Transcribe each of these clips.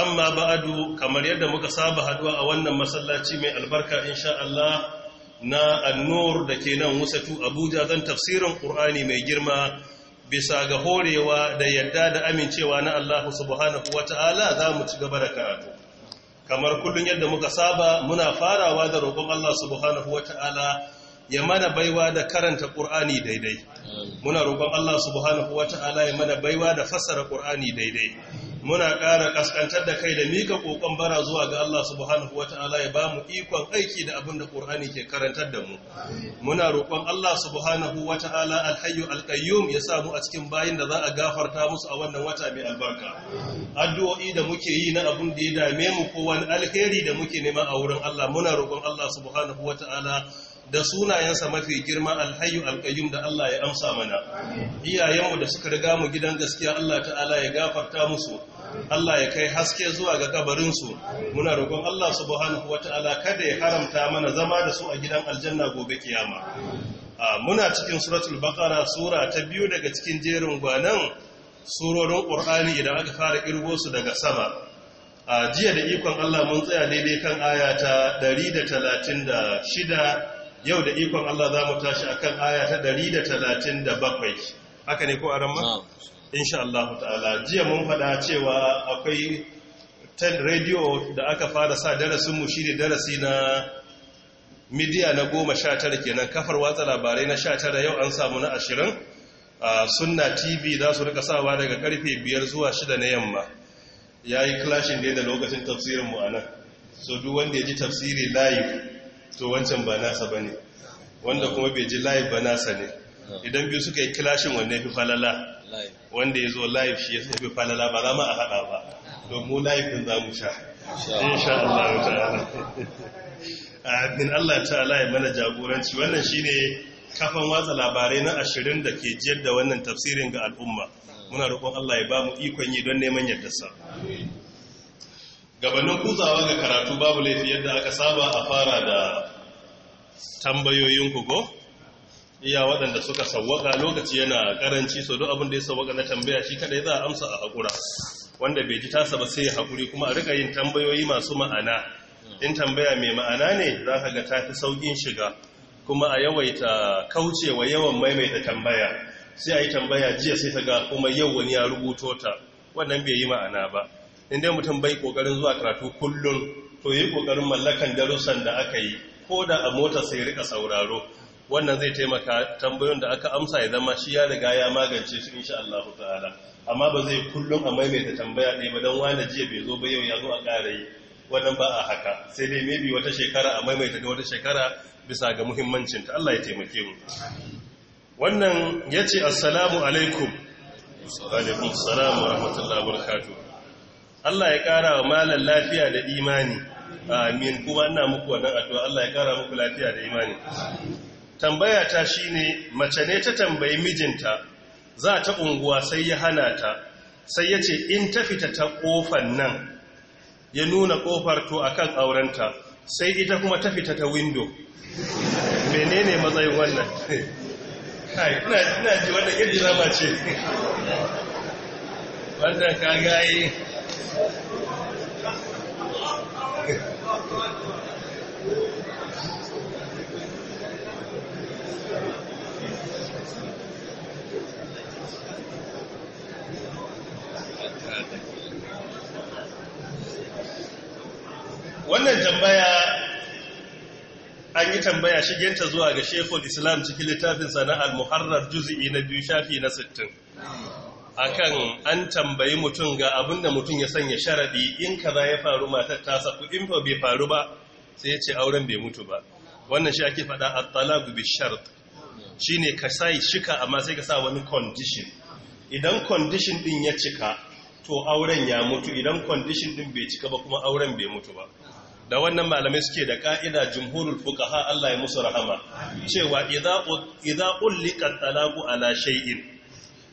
amma ba'adu kamar yadda muka saba haduwa a wannan masallaci mai albarka insha Allah na annur da ke nan wusatu Abuja zan tafsirin ƙur'ani mai girma bisa ga horewa da yadda da amincewa na Allah subhanahu ta'ala za mu ci gaba da karatu kamar kullum yadda muka saba muna farawa da roƙon Allah subhanahu ta'ala ya mana baiwa da karanta ƙur'ani daidai muna roƙon Allah subhanahu ta'ala ya mana baiwa da fassara ƙur'ani daidai muna ƙara ƙasƙantar da kai da mika ƙoƙon bara zuwa ga Allah subhanahu ta'ala ya ba mu ikon aiki da abin da ƙur'ani ke karantar da mu muna roƙon Allah subhanahu ta'ala alhayu alƙayyum ya samu a cikin bayin da za a gafarta musu a wannan wata mai albarka addu'o'i da muke yi na abin da ya dame mu ko wani alheri da muke nema a wurin Allah muna roƙon Allah subhanahu ta'ala da sunayensa mafi girma alhayu alkayyum da Allah ya amsa mana iyayenmu da suka riga mu gidan gaskiya Allah ta'ala ya gafarta musu Allah ya kai haske zuwa ga kabarinsu muna roƙon Allah subhanahu wata'ala kada ya haramta mana zama da su a gidan aljanna gobe kiyama muna cikin suratul baqara sura ta biyu daga cikin jerin gwanan surorin qur'ani idan aka fara kirgo su daga sama a jiya da ikon Allah mun tsaya daidai kan aya ta 136 yau da ikon Allah za mu tashi akan aya ta 137 haka ne ko aran ma insha Allah ta'ala jiya mun faɗa cewa akwai tel radio da aka fara sa darasinmu shi ne darasi na midiya na goma sha tara kenan kafar watsa labarai na sha tara yau an samu na ashirin a sunna tv za su rika sawa daga karfe biyar zuwa shida na yamma ya yi clashin ne da lokacin tafsirinmu a nan so duk wanda ya ji tafsiri live to wancan ba nasa ba ne wanda kuma bai ji live ba nasa ne idan biyu suka yi clashing wanne fi falala wanda ya zo live shi ya sai falala ba za ma a haɗa ba domin live za mu sha insha Allah ta'ala abin Allah ta'ala ya mana jagoranci wannan shi ne kafan watsa labarai na ashirin da ke jiyar da wannan tafsirin ga al'umma muna roƙon Allah ya ba mu ikon yi don neman yadda sa. gabanin kuzawa ga karatu babu laifi yadda aka saba a fara da tambayoyin ku iya waɗanda suka sawwaka lokaci yana ƙaranci, so duk abin da ya sawwaka na tambaya shi kadai za a amsa a haƙura. wanda bai ji tasa ba sai ya hakuri kuma a rika yin tambayoyi masu ma'ana in tambaya mai ma'ana ne za ka ga ta fi saukin shiga kuma a yawaita kaucewa yawan maimaita tambaya sai a yi tambaya jiya sai ta ga kuma yau wani ya rubuto ta wannan bai yi ma'ana ba in dai mutum bai kokarin zuwa karatu kullum to yi kokarin mallakan darussan da aka yi ko da a mota sai rika sauraro wannan zai taimaka tambayon da aka amsa ya zama shi ya riga ya magance su insha Allah ta'ala amma ba zai kullum a maimaita tambaya ɗaya ba don wani jiya bai zo ba yau ya zo a ƙara yi wannan ba a haka sai dai maybe wata shekara a maimaita da wata shekara bisa ga muhimmancinta Allah ya taimake mu wannan ya ce assalamu alaikum alaikum salamu rahmatullahi barakatuh Allah ya ƙara wa malam lafiya da imani amin kuma ina muku wannan addu'a Allah ya ƙara muku lafiya da imani tambaya ta ne mace ne ta tambayi mijinta za ta unguwa sai ya hana ta sai ya ce in ta fita ta kofan nan ya nuna kofar to kan aurenta sai ita kuma ta fita ta windo ne matsayin wannan na ji wanda kirji zama ce wanda ka gaye wannan tambaya an yi tambaya shigenta zuwa ga shekul islam cikin littafin na al-muharrar juzi'i na biyu shafi na sittin. akan an tambayi mutum ga abinda mutum ya sanya sharaɗi in kaza ya faru matar ta safu in fa bai faru ba sai ya ce auren bai mutu ba wannan shi ake faɗa at-talaqu bi shart shine ka sai shika amma sai ka sa wani condition idan condition din ya cika to auren ya mutu idan condition din bai cika ba kuma auren bai mutu ba da wannan malamai suke da ka'ida jumhurul fuqaha Allah ya musu rahama cewa idza idza talaku talaqu ala shay'in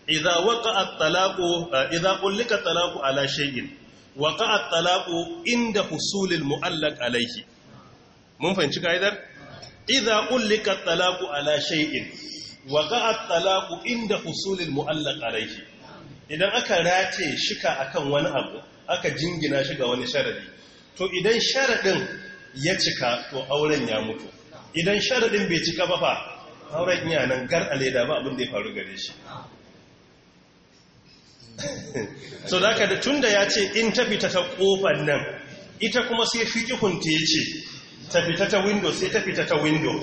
idza waqa'a talaku eh, idza ulliqa talaqu ala shay'in waqa'a talaqu inda husulil muallaq alaihi. mun fahimci ka'idar idza ulliqa talaqu ala shay'in a talaku inda husulil muallaq alaihi, idan aka race shika akan wani abu aka jingina shiga wani sharadi to idan sharaɗin ya cika to auren ya mutu idan sharaɗin bai cika ba fa auren yanan gar a leda ba abinda ya faru gare shi so da aka da tun da ya ce in ta ta ƙofar nan ita kuma sai fi ƙihunta ya ce ta fita ta window sai ta ta window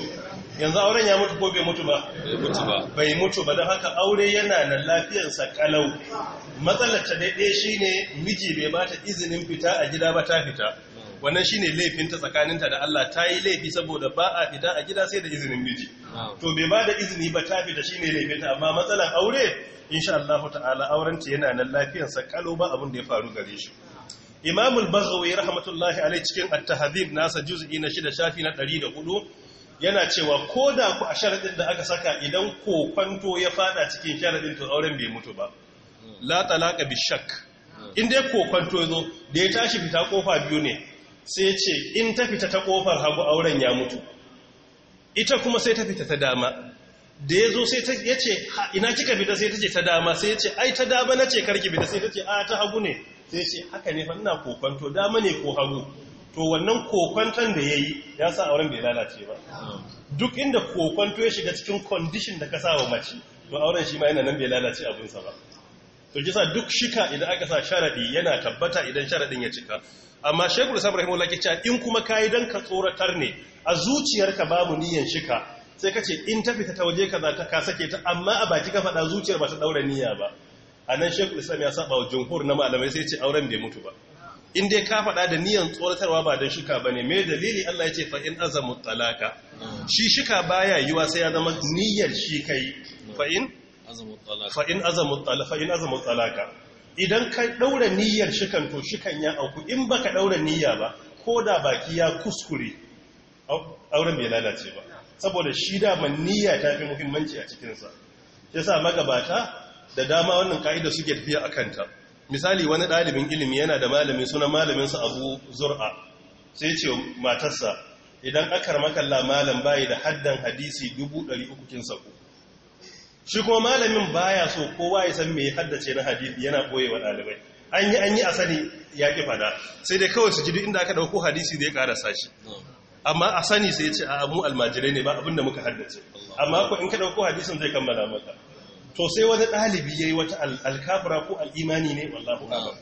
yanzu auren ya mutu ko bai mutu ba bai mutu ba don haka aure yana nan lafiyarsa kalau matsalar ta daidai shine miji bai bata izinin fita a gida ba ta fita wannan shi shine laifinta tsakaninta da Allah ta yi laifi saboda ba a fita a gida sai da izinin miji to bai ba da izini ba ta fita shi shine laifinta amma matsalar aure insha Allah ta'ala aurenta yana nan lafiyarsa kalau ba abin da ya faru gare shi imamul al rahmatullahi alayhi cikin At-Tahdhib nasa juz'i na 6 shafi na 104 yana cewa ko da ku a sharaɗin da aka saka idan kokwanto ya fada cikin sharaɗin to auren bai mutu ba la talaka bi shak in dai kwanto zo da ya tashi fita kofa biyu ne sai ya ce in ta fita ta kofar hagu auren ya mutu ita kuma sai ta fita ta dama da ya zo sai ya ce ina kika fita sai ta ce ta dama sai ya ce ai ta dama na ce karki fita sai ta ce a ta hagu ne sai ce haka ne fa ina kwanto dama ne ko hagu to wannan kokwanton da ya yi ya sa auren bai lalace ba duk inda kokwanto ya shiga cikin kondishin da ka sa wa mace to auren shi ma yana nan bai lalace abinsa ba to kisa duk shika idan aka sa sharadi yana tabbata idan sharadin ya cika amma shekul sam rahimahullah ke cewa in kuma kayi dan ka tsoratar ne a zuciyarka babu niyyar shika sai ka ce in ta fita ta waje kaza ta ka sake ta amma a baki ka faɗa zuciyar ba ta daura niyya ba anan shekul sam ya saba wa jumhur na malamai sai ce auren bai mutu ba in dai ka faɗa da niyan tsoratarwa ba don shika ba ne mai dalili Allah ya ce fa'in azamu talaka shi shika baya yiwa sai ya zama niyyar shi kai fa'in azamu talaka idan ka ɗaura niyyar shikan to shikan ya auku in ba ka ɗaura niyya ba ko da baki ya kuskure auren bai lalace ba saboda shi ma niyya ta fi muhimmanci a cikinsa ya sa magabata da dama wannan ka'ida suke biya a kanta misali wani ɗalibin ilimi yana da malami sunan malaminsa abu zur'a sai ce matarsa idan akar makalla malam bayi da haddan hadisi 300 kin sako shi kuma malamin baya so kowa ya san me haddace na hadisi yana wa ɗalibai an yi an yi a sani ya ƙi fada sai dai kawai su jiri inda aka ɗauko hadisi zai ya ƙarasa shi amma a sani sai ce a mu almajirai ne ba abinda muka haddace amma ko in ka ɗauko hadisin zai kammala maka to sai wani ɗalibi ya yi wata alkabra ko al'imani ne wallahu abu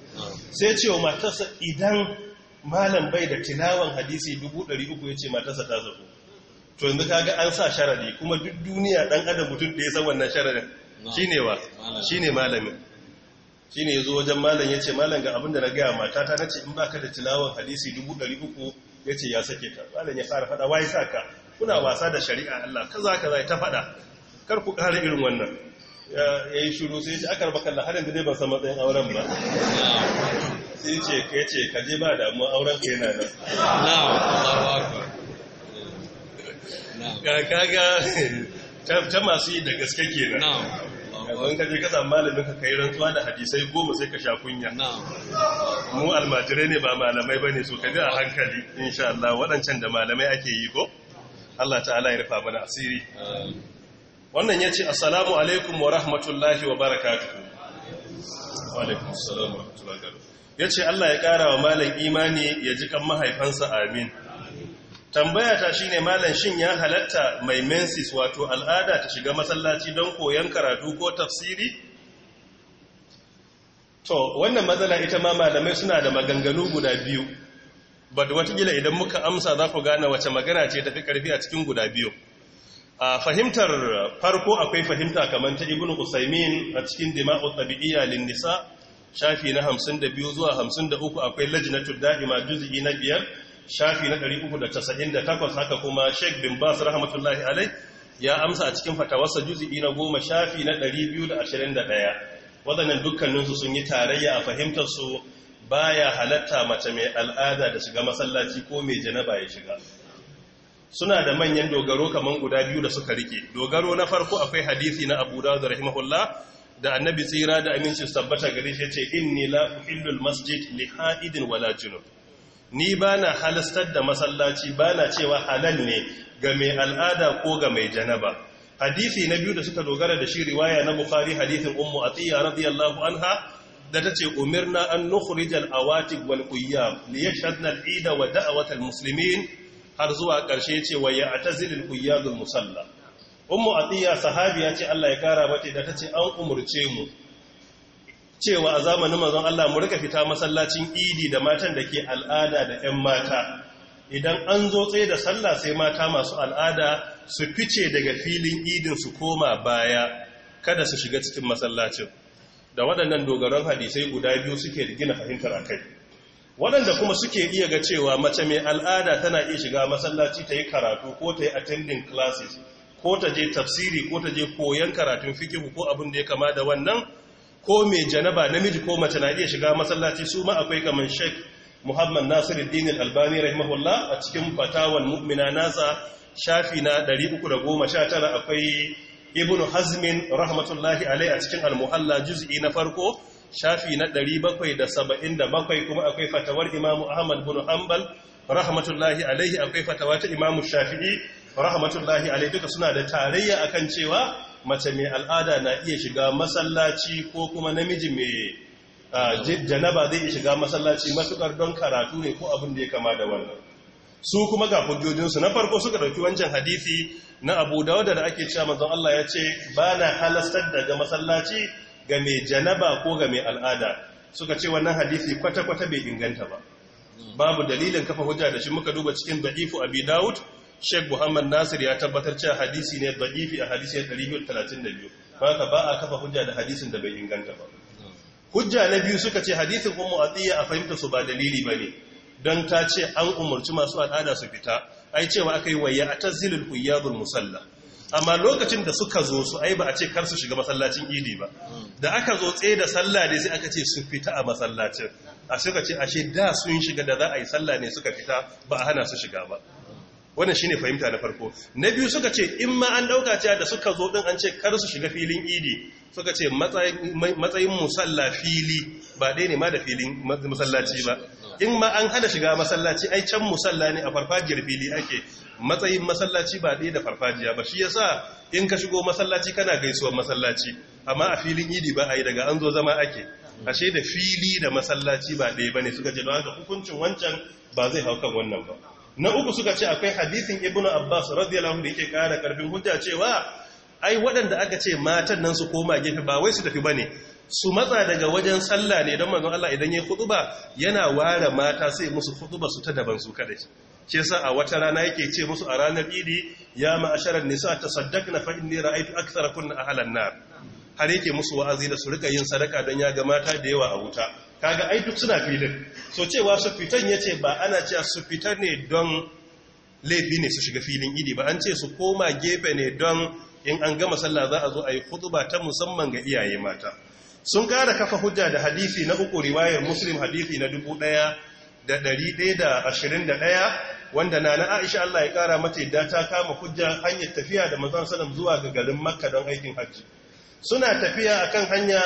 sai ce wa matarsa idan malam bai da tilawan hadisi 300 ya ce matarsa ta zafi to yanzu kaga an sa sharadi kuma duk duniya ɗan adam mutum da ya san wannan sharadin shi ne wa shi ne malamin shi ne zo wajen malam ya ce malam ga abin da na gaya matata na ce in ba ka da tilawan hadisi 300 ya ce ya sake ta malam ya fara faɗa wa ya sa ka kuna wasa da shari'a Allah kaza kaza ta faɗa kar ku ƙara irin wannan ya yi shuru sai ce aka raba kalla har yanzu dai ba san matsayin auren ba sai ce ka ce ka je ba damuwa auren ka yana nan ga kaga ta masu yi da gaske kenan yanzu ka je ka samu malamin ka kai rantsuwa da hadisai goma sai ka sha kunya mu almajirai ne ba malamai bane so ka bi a hankali insha Allah waɗancan da malamai ake yi ko Allah ta'ala ya rufa mana asiri wannan ya ce assalamu alaikum wa rahmatullahi wa barakatuhu alaikum assalamu wa rahmatullahi ya ce Allah ya kara wa malam imani ya ji kan mahaifansa amin tambaya ta shi ne malam shin ya halatta mai mensis wato al'ada ta shiga masallaci don koyon karatu ko tafsiri to wannan matsala ita ma malamai suna da maganganu guda biyu ba da watakila idan muka amsa za ku gane wace magana ce tafi karfi a cikin guda biyu a fahimtar farko akwai fahimta kamar ta ibn usaimin a cikin dima'u tabi'iyya lin nisa shafi na 52 zuwa 53 akwai lajnatud da'ima juz'i na biyar shafi na 398 haka kuma sheikh bin bas rahmatullahi alai ya amsa a cikin fatawarsa juz'i na goma shafi na 221 wadannan dukkaninsu sun yi tarayya a fahimtar su baya halatta mace mai al'ada da shiga masallaci ko mai janaba ya shiga suna da manyan dogaro kaman guda biyu da suka rike dogaro na farko akwai hadisi na Abu Dawud rahimahullah da annabi tsira da aminci tabbata gari shi yace inni la uhillul masjid li haidin wala junub ni bana halastar da masallaci bana cewa halal ne ga mai al'ada ko ga mai janaba hadisi na biyu da suka dogara da shi riwaya na bukhari hadisin ummu atiya radiyallahu anha da tace umirna an nukhrij al awatib wal quyyam li yashhadna al eid wa da'wat al muslimin har zuwa ƙarshe ce wa ya atazilil quyadul musalla ummu sahabi ya ce Allah ya ƙara mata da ta ce an umurce mu cewa a zamanin mazan Allah mu rika fita masallacin idi da matan da ke al'ada da 'yan mata idan an zo tsaye da sallah sai mata masu al'ada su fice daga filin idin su koma baya kada su shiga cikin masallacin da waɗannan dogaron hadisai guda biyu suke gina fahimtar a kai. waɗanda kuma suke iya ga cewa mace mai al'ada tana iya shiga masallaci ta yi karatu ko ta yi attending classes ko ta je tafsiri ko ta je koyon karatun fikihu ko abin da ya kama da wannan ko mai janaba namiji ko mace na iya shiga masallaci su ma akwai kamar sheik muhammad Nasiru, nasiruddin albani rahimahullah a cikin fatawan mu'mina nasa shafi na 319 akwai ibnu hazmin rahmatullahi alai a cikin almuhalla juz'i na farko shafi na ɗari bakwai da da saba'in bakwai kuma akwai fatawar imamu ahmad bin hanbal rahmatullahi alaihi akwai fatawa ta imamu shafi'i rahmatullahi alaihi duka suna da tarayya akan cewa mace mai al'ada na iya shiga masallaci ko kuma namiji mai janaba zai iya shiga masallaci matukar don karatu ne ko abin da ya kama da wannan su kuma ga hujjojinsu na farko suka ɗauki wancan hadisi na abu dawuda da ake cewa manzon Allah ya ce ba na halastar daga masallaci ga mai janaba ko ga mai al'ada suka ce wannan hadisi kwata-kwata bai inganta ba babu dalilin kafa hujja da shi muka duba cikin da'ifu abi dawud sheikh muhammad nasir ya tabbatar cewa hadisi ne da'ifi a hadisi da biyu. ba a kafa hujja da hadisin da bai inganta ba hujja na biyu suka ce hadisin ummu atiya a fahimta su ba dalili ba ne. don ta ce an umarci masu al'ada su fita ai cewa akai wayya atazilul huyyadul musalla amma lokacin da suka zo su ai ba a ce kar su shiga masallacin idi ba hmm. da aka zo tsaye da sallah ne sai aka ce su fita a masallacin a suka ce ashe da sun shiga da za a yi sallah ne suka fita ba a hana su shiga ba wannan shine fahimta na farko na biyu suka ce in ma an dauka cewa da suka zo din an ce kar su shiga filin idi suka ce matsayin musalla fili ba dai ne ma da filin masallaci ba in ma an hada shiga masallaci ai can musalla ne a farfajiyar fili ake matsayin masallaci ba ɗaya da farfajiya ba shi yasa in ka shigo masallaci kana gaisuwar masallaci amma a filin idi ba a yi daga an zo zama ake ashe da fili da masallaci ba ɗaya ba ne suka ce don haka hukuncin wancan ba zai hau kan wannan ba na uku suka ce akwai hadisin ibn abbas radiyallahu da yake kara karfin hujja cewa ai waɗanda aka ce matan nan su koma gefe ba wai su tafi ba ne su matsa daga wajen sallah ne don manzon Allah idan ya yi ba yana ware mata sai musu ba su ta daban su kadai ce sa a wata rana yake ce musu a ranar idi ya ma'asharar nisa ta fain aiki fa inni kunna a halar na har yake musu wa'azi da su rika yin sadaka don ya ga mata da yawa a wuta kaga ai duk suna filin so cewa su fitan ya ce ba ana cewa su fita ne don laifi ne su shiga filin idi ba an ce su koma gefe ne don in an gama sallah za a zo a yi ba ta musamman ga iyaye mata sun kara kafa hujja da hadisi na uku riwayar muslim hadisi na dubu da ɗaya. wanda nana Aisha Allah ya kara mata yadda ta kama hujja hanyar tafiya da manzon sallam zuwa ga garin Makka don aikin hajji suna tafiya akan hanya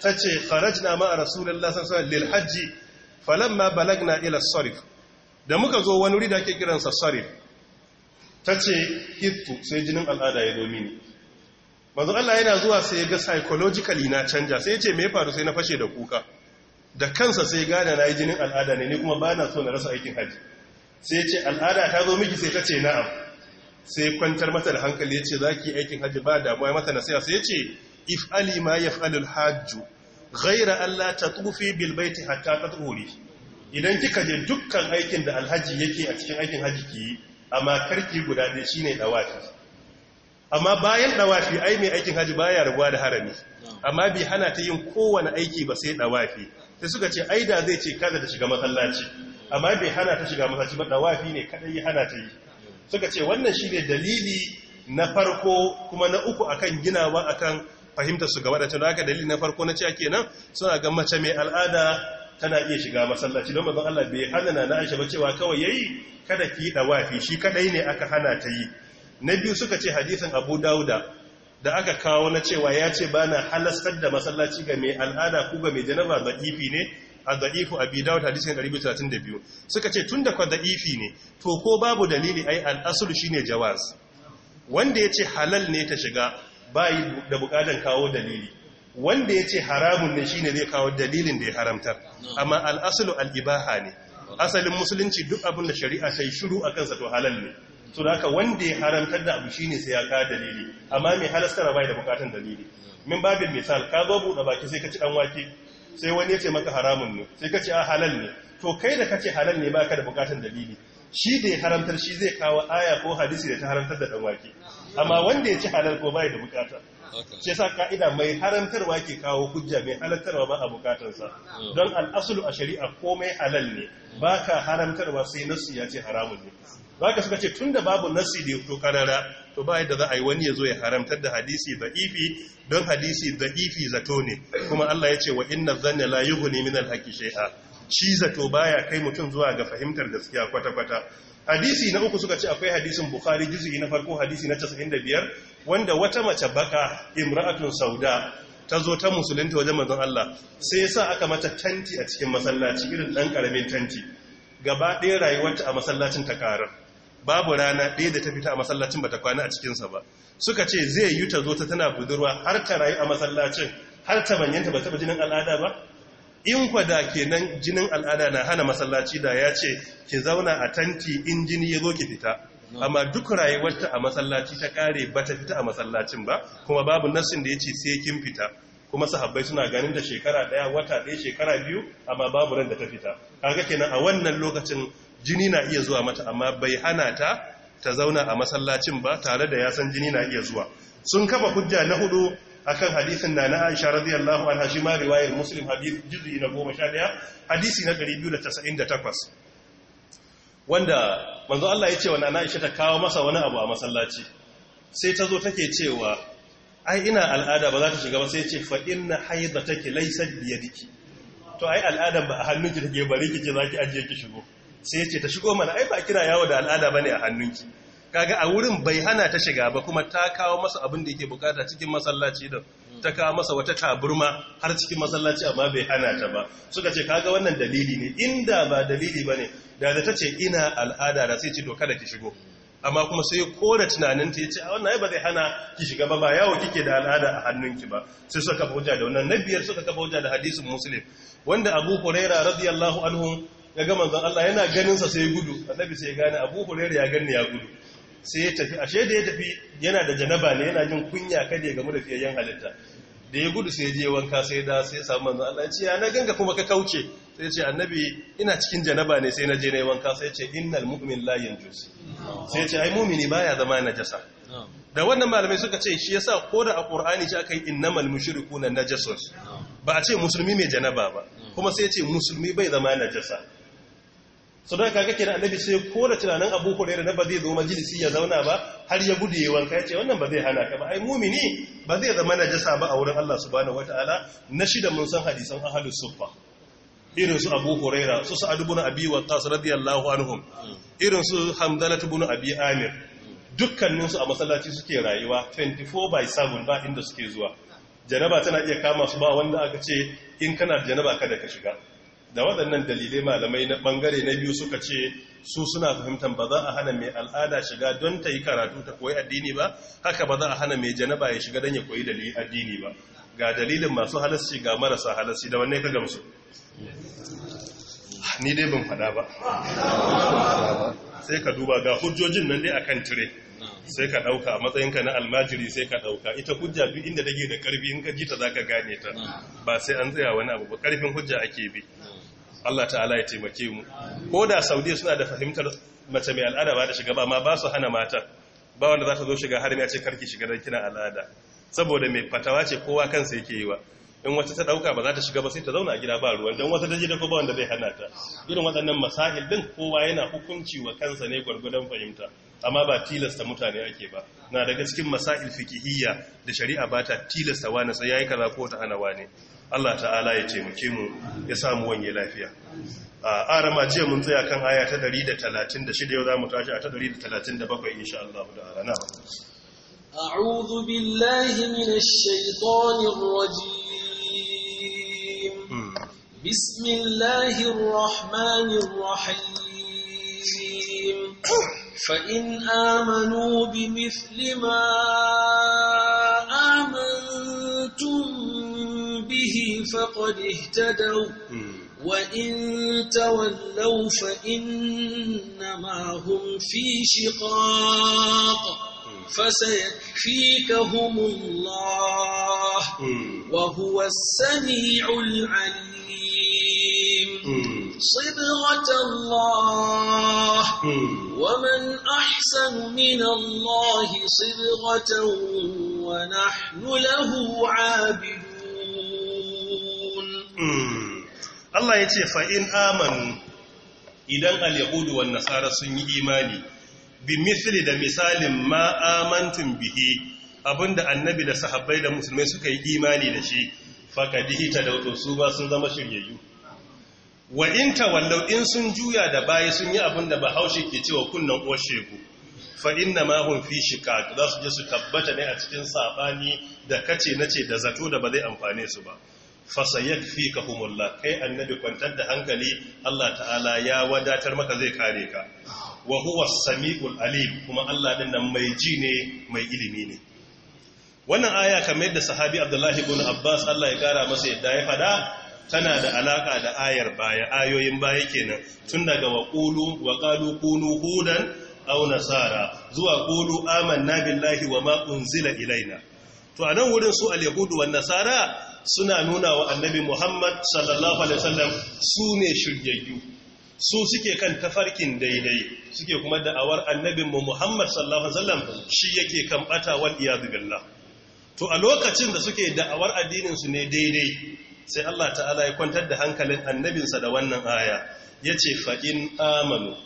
ta ce kharajna ma rasulullahi sallallahu alaihi wasallam lil hajji falamma balagna ila sarif da muka zo wani wuri da ake kiransa sarif Ta ce hittu sai jinin al'ada ya domi ne. manzon Allah yana zuwa sai ya ga psychologically na canja sai ya ce me ya faru sai na fashe da kuka da kansa sai gane na yi jinin al'ada ne ne kuma ba na so na rasa aikin hajji sai ce al'ada ta zo miki sai ta ce na'am sai kwantar mata da hankali ya ce za ki aikin hajji ba damuwa mata nasiha sai ce if Ali ma yaf'alul hajju gaira Allah ta tufi bilbaiti hatta ta tsori idan kika je dukkan aikin da alhaji yake a cikin aikin haji ki amma karki guda ɗaya ne dawafi amma bayan dawafi ai mai aikin hajji baya rabuwa da harami amma bai hana ta yin kowane aiki ba sai dawafi sai suka ce ai da zai ce kada ta shiga masallaci amma bai hana ta shiga masallaci ba dawafi ne kadai ya hana ta yi suka ce wannan shi ne dalili na farko kuma na uku akan ginawa akan fahimtar su gaba da tun haka dalili na farko na cewa kenan suna ga mace mai al'ada tana iya shiga masallaci don mazan Allah bai hana na Aisha ba cewa kawai yayi kada ki dawafi shi kadai ne aka hana ta yi na biyu suka ce hadisin Abu Dauda da aka kawo na cewa ya ce bana halastar da masallaci ga mai al'ada ko ga mai janaba ba ifi ne a da'ifu a dawud da biyu. suka ce tun da kwa da'ifi ne to ko babu dalili ai shi ne jawaz wanda ya ce halal ne ta shiga bayi da bukatan kawo dalili wanda ya ce haramun ne ne zai kawo dalilin da ya haramtar amma al'asulu al'ibaha ne asalin musulunci duk abin da shari'a sai yi shiru a kansa to halal ne su da haka wanda ya haramtar da abu shi ne sai ya ka dalili amma mai halastar bai da bukatan dalili min babin misal ka zo buɗe baki sai ka ci ɗan wake sai wani ya ce maka haramun ne sai ka ce a ah, halal ne to kai da ka ce halal ne ba ka da bukatan dalili shi da ya haramtar shi zai kawo aya ko hadisi da ta haramtar da ɗanwake amma wanda ya ci halal ko bai da bukata shi sa ka'ida mai haramtarwa ke kawo hujja mai halartarwa ba a bukatarsa don al'asulu a shari'a komai halal ne ba ka haramtarwa sai nasu ya ce haramun ne ba ka suka ce tun da babu nasi da ya fito karara to ba yadda za a yi wani ya zo ya haramtar da hadisi da'ifi don hadisi da'ifi zato ne kuma Allah ya ce wa inna zanne la ne min alhaki haqqi shi zato baya kai mutum zuwa ga fahimtar gaskiya kwata-kwata hadisi na uku suka ce akwai hadisin bukhari juz'i na farko hadisi na 95 wanda wata mace baka imra'atun sauda ta zo ta musulunta wajen manzon Allah sai ya sa aka mata tanti a cikin masallaci irin ɗan ƙaramin tanti gaba ɗaya rayuwarta a masallacin ta karar babu rana ɗaya da ta fita a masallacin ba ta kwana a cikinsa ba suka ce zai yi ta zo ta tana budurwa har ta rayu a masallacin har ta manyanta ba taɓa jinin al'ada ba in kwada kenan jinin al'ada na hana masallaci da ya ce ki zauna a tanti in jini ya zo ki fita amma duk rayuwarta a masallaci ta kare ba ta fita a masallacin ba kuma babu nassin da ya ce sai kin fita kuma sahabbai suna ganin da shekara daya wata ɗaya shekara biyu amma babu ran da ta fita kaga kenan a wannan lokacin jini na iya zuwa mata amma bai hana ta ta zauna a masallacin ba tare da ya san jini na iya zuwa sun kafa hujja na hudu akan hadisin na na Aisha radiyallahu anha shi ma riwayar Muslim hadith juz'i na 11 hadisi na 298 wanda manzo Allah ya ce wa na Aisha ta kawo masa wani abu a masallaci sai ta zo take cewa ai ina al'ada ba za ta shiga ba sai ce fa inna haidataki laysa biyadiki to ai al'adan ba a hannunki take bari za zaki ajiye ki shigo sai ce ta shigo mana aifa ba kina yawo da al'ada bane a hannunki kaga a wurin bai hana ta shiga ba kuma ta kawo masa abin da yake bukata cikin masallaci da ta kawo masa wata taburma har cikin masallaci amma bai hana ta ba suka ce kaga wannan dalili ne inda ba dalili bane da da tace ina al'ada da sai ce to kada ki shigo amma kuma sai kora tunanin ta yace a wannan ai ba zai hana ki shiga ba ba yawo kike da al'ada a hannunki ba sai suka kafa hujja da wannan nabiyar suka kafa hujja da hadisin muslim wanda Abu Hurairah radiyallahu anhu ya ga manzon Allah yana ganin sa sai gudu annabi sai gane Abu ya ganni ya gudu sai ya tafi ashe da ya tafi yana da janaba ne yana jin kunya kada ya da fiyayyen halitta da ya gudu sai je wanka sai da sai samu manzo. Allah ya ce ya na ganga kuma ka kauce sai ya ce annabi ina cikin janaba ne sai na je na yi wanka sai ya ce innal mu'min la yanjus sai ya ce ai mu'mini baya zama najasa da wannan malamai suka ce shi yasa ko da a Qur'ani shi aka yi innamal mushrikuna najasun ba a ce musulmi mai janaba ba kuma sai ya ce musulmi bai zama najasa sau da kaga kenan annabi sai ko da tunanin abu hurairu na ba zai zo majalisi ya zauna ba har ya gudu ya wanka ya ce wannan ba zai hana ka ba ai mumini ba zai zama na jasa ba a wurin Allah subhanahu wataala na shida mun san hadisan ahlus suffa irin su abu huraira su sa'ad ibn abi waqqas radiyallahu anhum irin su hamdalah ibn abi amir dukkanin su a masallaci suke rayuwa 24 by 7 ba inda suke zuwa janaba tana iya kama su ba wanda aka ce in kana janaba kada ka shiga da waɗannan dalilai malamai na ɓangare na biyu suka ce su suna fahimtar ba za a hana mai al'ada shiga don ta yi karatu ta koyi addini ba haka ba za a hana mai janaba ya shiga don ya koyi addini ba ga dalilin masu halassi ga marasa halassi da wanne ka gamsu ni dai ban faɗa ba sai ka duba ga hujjojin nan dai akan tire sai ka ɗauka a matsayinka na almajiri sai ka ɗauka ita hujja duk inda take da ƙarfi in ka ji ta za ka gane ta ba sai an tsaya wani abu ba ƙarfin hujja ake bi Allah ta'ala ya taimake mu ko da saudi suna da fahimtar mace mai al'ada ba da shiga ba amma ba su hana mata. ba wanda za ta zo shiga harami ya ce karki shiga don kina al'ada saboda mai fatawa ce kowa kansa yake yi wa in wata ta dauka ba za ta shiga ba sai ta zauna a gida ba ruwan don wata ta je da ko ba wanda zai hana ta irin waɗannan masahil din kowa yana hukunci wa kansa ne gwargwadon fahimta amma ba tilasta mutane ake ba na daga cikin masahil fikihiyya da shari'a ba ta tilasta wani sai yayi kaza ko ta hana wani Allah ta'ala ya taimake mu ya samu wanye lafiya a arama ce mun tsaya kan aya ta 136 yau za mu tashi a ta 137 insha Allah da arana أعوذ بالله من الشيطان الرجيم بسم الله Fa in فإن bi بمثل ما آمنتم فقد اهتدوا وإن تولوا فإنما هم في شقاق فسيكفيكهم الله وهو السميع العليم صبغة الله ومن أحسن من الله صبغة ونحن له عابدون Hmm. Allah ya ce fa'in amanu idan al'udu wa nasara sun yi imani bi misali da misalin ma'amantun bihi abinda annabi da sahabbai da musulmai suka yi imani da shi fakadihi ta wato su ba sun zama shiryayyu Wa'inta wallau in sun juya da baya sun yi abinda bahaushe ke cewa kunnan oshegu ku, fa’in ma mahun fi shiqaq za su je su tabbata ne a cikin saɓani da kace nace da zato da ba zai amfane su ba fi ka humulla kai annabi kwantar da hankali Allah ta'ala ya wadatar maka zai kare ka wa huwa samiul alim kuma Allah din nan mai ji ne mai ilimi ne wannan aya kamar yadda sahabi Abdullahi ibn Abbas Allah ya kara masa yadda ya fada tana da alaka da ayar baya ayoyin baya kenan tun daga wa qulu wa qalu kunu hudan aw nasara zuwa qulu amanna billahi wa ma unzila ilaina to a nan wurin su al-yahudu wan nasara suna nuna wa annabi Muhammad sallallahu alaihi wasallam su ne shiryayyu su suke kan tafarkin daidai suke kuma da'awar annabinmu Muhammad sallallahu alaihi wasallam shi yake kan bata wal billah to a lokacin da suke da'awar addinin su ne daidai sai Allah ta'ala ya kwantar da hankalin annabinsa da wannan aya ya ce in amanu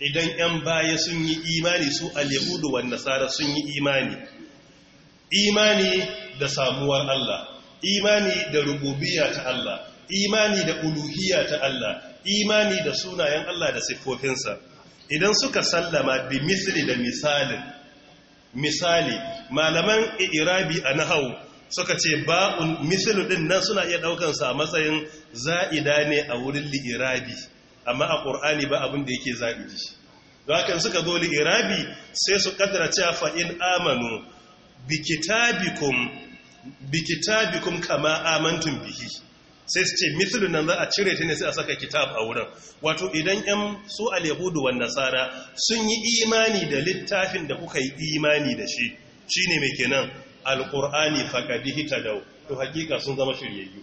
idan ‘yan baya sun yi imani su al wanda wa sun yi imani imani da samuwar Allah imani da rububiyya ta Allah imani da uluhiyya ta Allah imani da sunayen Allah da siffofinsa idan suka sallama bi misli da misalin misali malaman irabi a nahau suka ce ba misali din nan suna iya ɗaukansa a matsayin za'ida ne a wurin li'irabi amma a ƙur'ani ba abin da yake zaɓi shi da suka zo li'irabi sai su kaddara cewa fa amanu bi kitabikum bi kama amantum bihi sai su ce mithlu nan za a cire ta ne sai a saka kitab a wurin wato idan yan su al-yahudu wan nasara sun yi imani da littafin da kuka yi imani da shi shine mai kenan alqur'ani faqadihi tadaw to hakika sun zama shiryayyu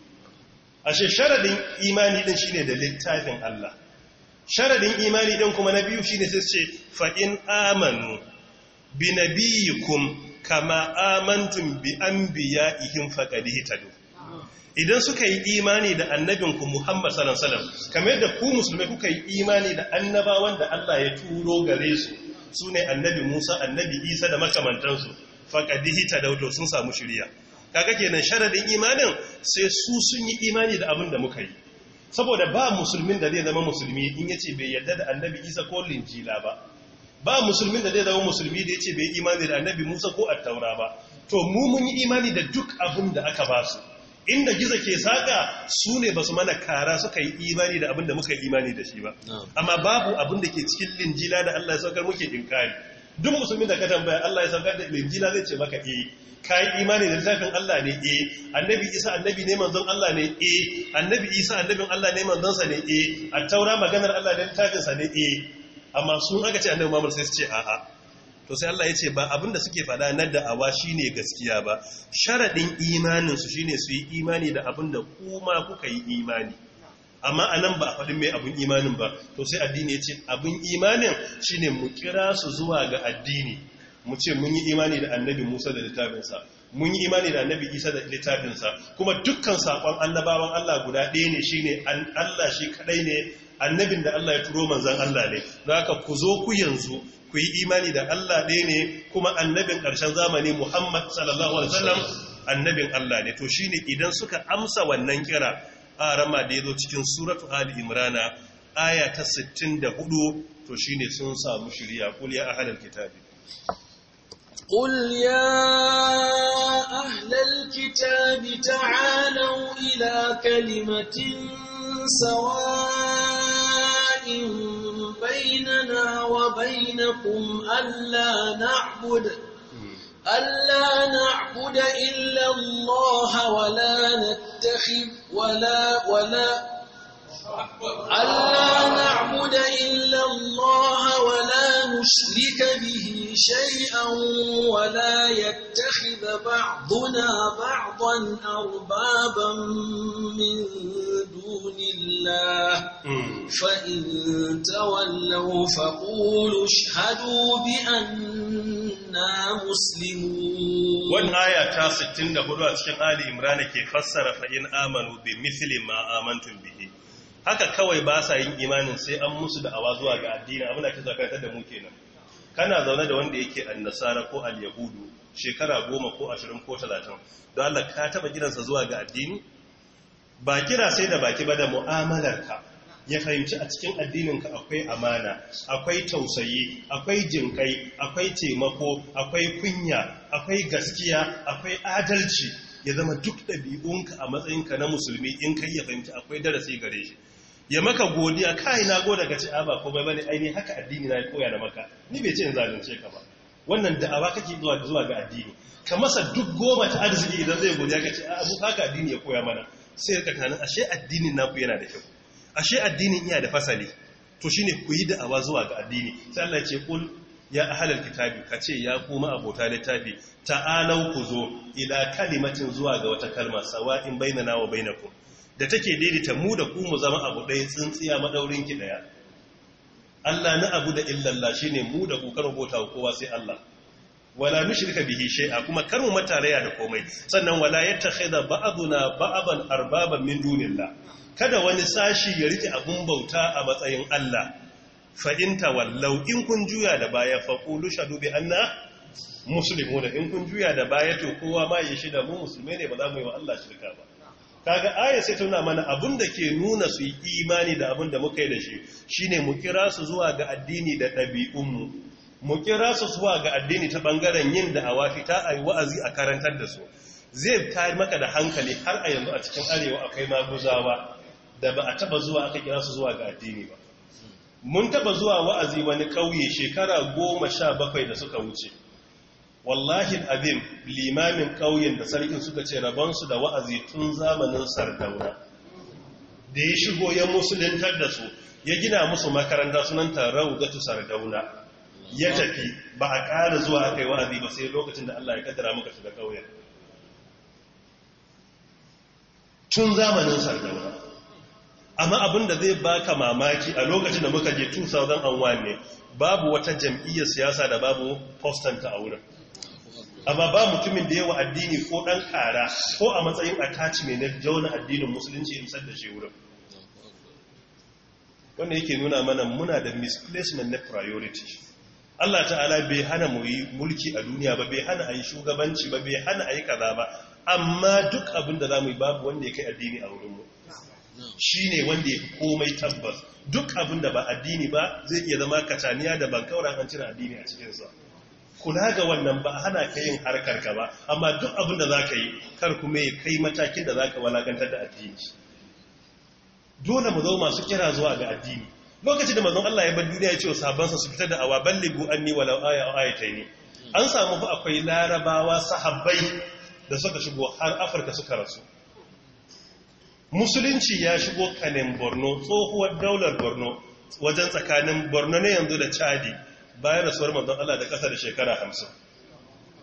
ashe sharadin imani din shine da littafin Allah sharadin imani din kuma na biyu shine sai su ce fa in amanu bi nabiyikum kama amantin bi anbiya'ihim faqad ihtadu idan suka yi imani da annabinku Muhammad sallallahu alaihi kamar yadda ku musulmai kuka yi imani da annabawan da Allah ya turo gare su sune annabi Musa annabi Isa da makamantansu faqad to sun samu shiriya kaga kenan sharadin imanin sai su sun yi imani da abin da muka yi saboda ba musulmin da zai zama musulmi in yace bai yarda da annabi Isa ko linjila ba ba musulmin da zai zama musulmi da ya ce bai imani da annabi musa ko attaura ba to mu mun yi imani da duk abin da aka ba su inda giza ke saka su ne ba su mana kara suka yi imani da abin da muka yi imani da shi ba amma babu abin da ke cikin linjila da allah ya saukar muke inkari duk musulmin da ka tambaya allah ya saukar da linjila zai ce maka eh yi imani da littafin Allah ne e annabi isa annabi ne manzon Allah ne e annabi isa annabin Allah ne manzon sa ne e attaura maganar Allah ne littafin sa ne e amma sun aka ce annabi Muhammad sai su ce a'a to sai Allah ya ce ba abinda suke faɗa na da'awa shine gaskiya ba sharadin imanin su shine su yi imani da abinda kuma kuka yi imani amma anan ba a faɗin mai abin imanin ba to sai addini ya ce abin imanin shine mu kira su zuwa ga addini mu ce mun yi imani da annabi Musa da littafinsa mun yi imani da annabi Isa da littafinsa kuma dukkan sakon annabawan Allah guda ɗaya ne shine Allah shi kadai ne annabin da Allah ya turo manzan Allah ne zaka ku zo ku yanzu ku yi imani da Allah ɗaya ne kuma annabin ƙarshen zamani Muhammad sallallahu alaihi wasallam annabin Allah ne to shine idan suka amsa wannan kira a rama da zo cikin suratu ali imrana aya ta 64 to shine sun samu shiriya qul ya ahlal kitabi قل يا أهل الكتاب تعالوا إلى كلمة سواء بيننا وبينكم ألا نعبد ألا نعبد إلا الله ولا نتخذ ولا ولا Allah na’amuda illallaha wa la mushrika bihi shay’an wa la yattahi da ba’aduna ba’adun arbaban min dunillah fa’in tawallon faƙulu shahadu bi an na musulmi. Wani aya ta 64 a cikin Ali Imran ke fassara fa’in amanu bi misli ma’amantun bi. haka kawai ba sa yin imanin sai an musu da awa zuwa ga addini abin da ake zakantar da mu kenan kana zaune da wanda yake annasara ko al shekara goma ko ashirin ko talatin don Allah ka taɓa kiransa zuwa ga addini ba kira sai da baki ba da mu'amalarka ya fahimci a cikin addininka akwai amana akwai tausayi akwai jinkai akwai taimako akwai kunya akwai gaskiya akwai adalci ya zama duk ɗabi'unka a matsayinka na musulmi in kai ya fahimci akwai darasi gare shi ya maka godiya kai na goda ga ci aba ko bai bane aini haka addini na koya da maka ni bai ce in zalunce ka ba wannan da aba kake zuwa zuwa ga addini ka masa duk goma ta arziki idan zai godiya ka ce a abu haka addini ya koya mana sai ka tana ashe addinin na ku yana da kyau ashe addinin iya da fasali to shine ku yi aba zuwa ga addini sai Allah ya ce kul ya ahlal kitabi ka ce ya kuma abota littafi ta'alau ku zo ila kalimatin zuwa ga wata kalma sawa'in bainana wa bainakum da take daidaita mu da ku mu zama abu ɗaya tsintsiya maɗaurin ki ɗaya Allah na abu da illallah shi ne mu da ku karo bota kowa sai Allah wala nushrika bihi shay'a kuma kar mu mataraya da komai sannan wala yattakhidha ba'duna ba'aban arbaban min dunillah kada wani sashi ya rike abun bauta a matsayin Allah fa'inta wallau in kun juya da baya faƙulu shaɗu bi an na musulmi in kun juya da baya to kowa ma yi shi da mu musulmai ne ba za mu yi wa Allah shirka ba kaga aya sai tuna mana abun da ke nuna su imani da abun da muka yi da shi shine mu kira su zuwa ga addini da ɗabi'unmu mu kira su zuwa ga addini ta bangaren yin da awafi ta ayi wa'azi a karantar da su zai kayar maka da hankali har a yanzu a cikin arewa akwai maguzawa da ba a taba zuwa aka kira su zuwa ga addini ba mun taba zuwa wa'azi wani ƙauye shekara goma sha bakwai da suka wuce wallahi abin limamin ƙauyen da sarkin suka ce rabonsu da wa'azi tun zamanin sardauna da ya shigo ya musulunta da su ya gina musu makaranta sunanta tu sardauna ya tafi ba a ƙara zuwa aka yi wa'azi ba sai lokacin da Allah ya kaddara muka shiga ƙauyen tun zamanin sardauna amma abin da zai baka mamaki a lokacin da muka je 2001 ne babu wata jam'iyyar siyasa da babu postanta a wurin amma ba mutumin da yawa addini ko ɗan ƙara, ko a matsayin mai na jauna addinin musulunci in musar shi wurin wanda yake nuna mana muna da misplacement na priority Allah ta'ala bai hana mu yi mulki a duniya ba bai hana a yi shugabanci ba bai hana a yi kaza ba amma duk abin da za mu yi babu wanda ya kai addini a wurinmu shi ne wanda ya fi komai tabbas duk abin da ba addini ba zai iya zama kataniya da ban an cire addini a cikinsa kula ga wannan ba hana ka yin harkar ka ba amma duk abin da za ka yi kar kuma ya kai matakin da za ka walakantar da addini dole mu zo masu kira zuwa ga addini lokacin da mazan Allah ya bar duniya ya ce sahabbansa su fita da awa balligu anni walau aya ayataini an samu fa akwai larabawa sahabbai da suka shigo har Afirka suka rasu musulunci ya shigo kanin Borno tsohuwar daular Borno wajen tsakanin Borno ne yanzu da Chadi bayan rasuwar manzon Allah da ƙasa da shekara hamsin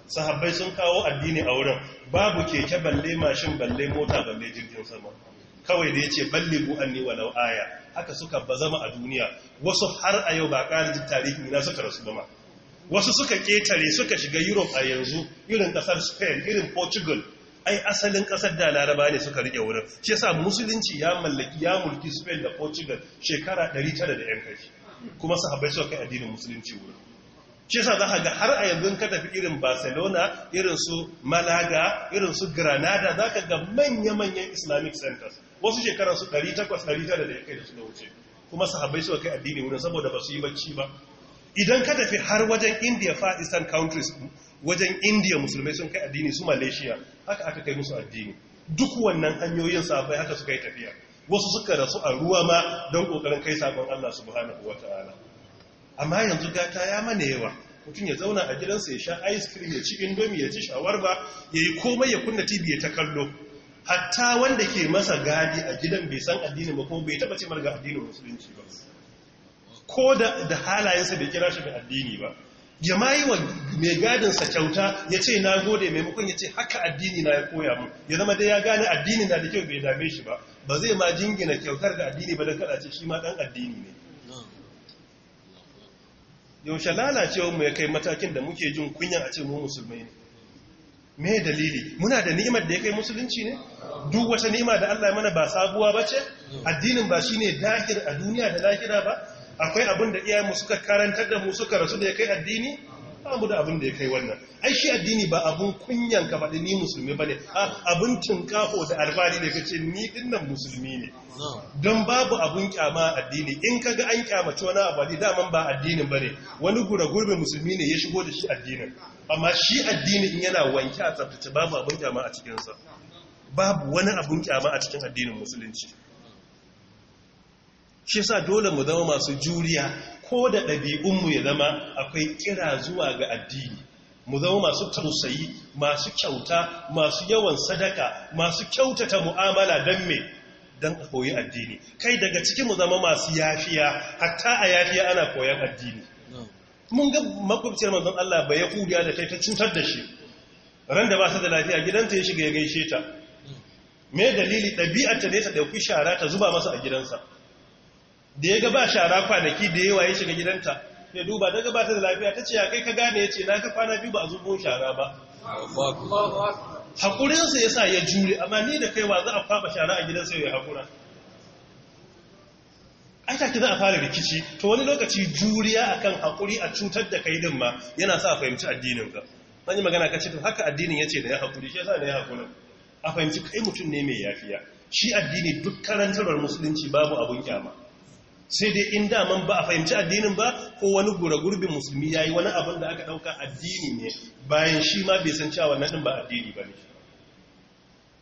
sahabbai sun kawo addini a wurin babu keke balle mashin balle mota balle jirgin sama kawai da ya ce balle bu'anni walau aya haka suka ba zama a duniya wasu har a yau ba jin tarihi na suka rasu ba wasu suka ƙetare suka shiga europe a yanzu irin ƙasar spain irin portugal ai asalin ƙasar da laraba ne suka riƙe wurin shi yasa musulunci ya mallaki ya mulki spain da portugal shekara 900 da 'yan kashi kuma sahabbai suka kai addinin musulunci wurin shi yasa za ka ga har a yanzu ka tafi irin barcelona irin su malaga irin su granada za ka ga manya-manyan islamic centers wasu shekarar su 800 da ya kai da su da wuce kuma sahabai suka kai addini wurin saboda ba su yi bacci ba idan ka tafi har wajen india far eastern countries wajen india musulmai sun kai addini su malaysia haka aka kai musu addini duk wannan hanyoyin sahabai haka suka yi tafiya wasu suka rasu a ruwa ma don kokarin kai sabon Allah subhanahu wataala amma yanzu gata ya mana yawa mutum ya zauna a gidansa ya sha ice cream ya ci indomie ya ci ba ya yi komai ya kunna tv ya ta kallo hatta wanda ke masa gadi a gidan bai san addini ba kuma bai taba ce marga addinin musulunci ba ko da halayensa bai kira shi mai addini ba ya wa mai gadinsa kyauta ya ce na gode maimakon ya ce haka addini na ya koya mu ya zama dai ya gane addini na da kyau bai dame shi ba ba zai ma jingina kyautar da addini ba don kada ce shi ma dan addini ne yaushe lalacewarmu ya kai matakin da muke jin kunya a ce mu musulmai ne me dalili muna da ni'imar da ya kai musulunci ne duk wata ni'ima da Allah mana ba sabuwa ba ce addinin ba shi ne dahir a duniya da lahira ba akwai abin da iyayenmu suka karantar da mu suka rasu da ya kai addini ba mu da abin da ya kai wannan ai shi addini ba abun kunyan ka faɗi ni musulmi ba ne ah, abin tunƙafo da alfahari ne ka ni dinnan musulmi ne don babu abun kyama addini in ka ga an kyamaci wani abu ne daman ba addinin ba ne wani gura gurbin musulmi ne ya shigo da shi addinin amma shi addini in yana wanke a tsaftace babu abun kyama a cikinsa babu wani abun kyama a cikin addinin musulunci shi sa dole mu zama masu juriya ko da ɗabi'unmu ya zama akwai kira zuwa ga addini mu zama masu tausayi masu kyauta masu yawan sadaka masu kyautata mu'amala don me don a koyi addini kai daga cikin mu zama masu yafiya hatta a yafiya ana koyan addini mun ga makwabciyar mazan Allah bai ya kuriya da kai ta cutar da shi ran da ba su da lafiya gidanta ya shiga ya gaishe ta me dalili ɗabi'arta ne ta ɗauki shara ta zuba masa a gidansa da ya gaba ba shara kwanaki da yawa ya shiga gidanta ya duba daga ba ta da lafiya ta ce ya kai ka gane ya ce na ka kwana biyu ba a zubo shara ba haƙurinsa ya sa ya jure amma ni da kai kaiwa za a kwaɓa shara a gidansa ya haƙura ai ta za a fara rikici to wani lokaci juriya akan haƙuri a cutar da kai din ma yana sa a fahimci Zan yi magana ka ce to haka addinin ya ce da ya haƙuri shi ya sa da ya haƙuri a fahimci kai mutum ne mai yafiya shi addini duk karantarwar musulunci babu abun kyama sai dai in daman ba a fahimci addinin ba ko wani gura gurbin musulmi ya yi wani abin da aka ɗauka addini ne bayan shi ma bai san cewa wannan din ba addini ba ne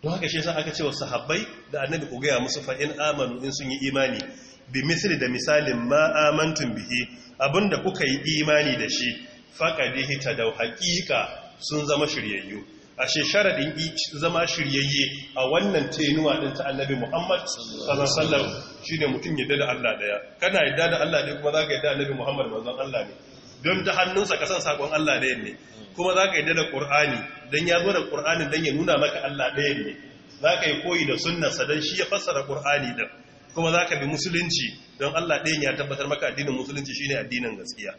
don haka shi yasa aka ce wa sahabbai da annabi ku gaya musu fa'in amanu in sun yi imani bi misali da misalin ma bihe, bihi da kuka yi imani da shi hita da hakika sun zama shiryayyu A ɗin sharadin zama shiryayye a wannan tenuwa din ta annabi Muhammad sallallahu shi ne mutum yadda da Allah daya kana yadda da Allah daya kuma za ka yadda annabi Muhammad zan Allah ne don ta hannunsa kasan sakon Allah daya ne kuma za ka yadda da ƙur'ani, don ya zo da ƙur'ani don ya nuna maka Allah daya ne Za ka yi koyi da sunnarsa don shi ya fassara ƙur'ani da kuma za ka bi musulunci don Allah daya ya tabbatar maka addinin musulunci shine addinin gaskiya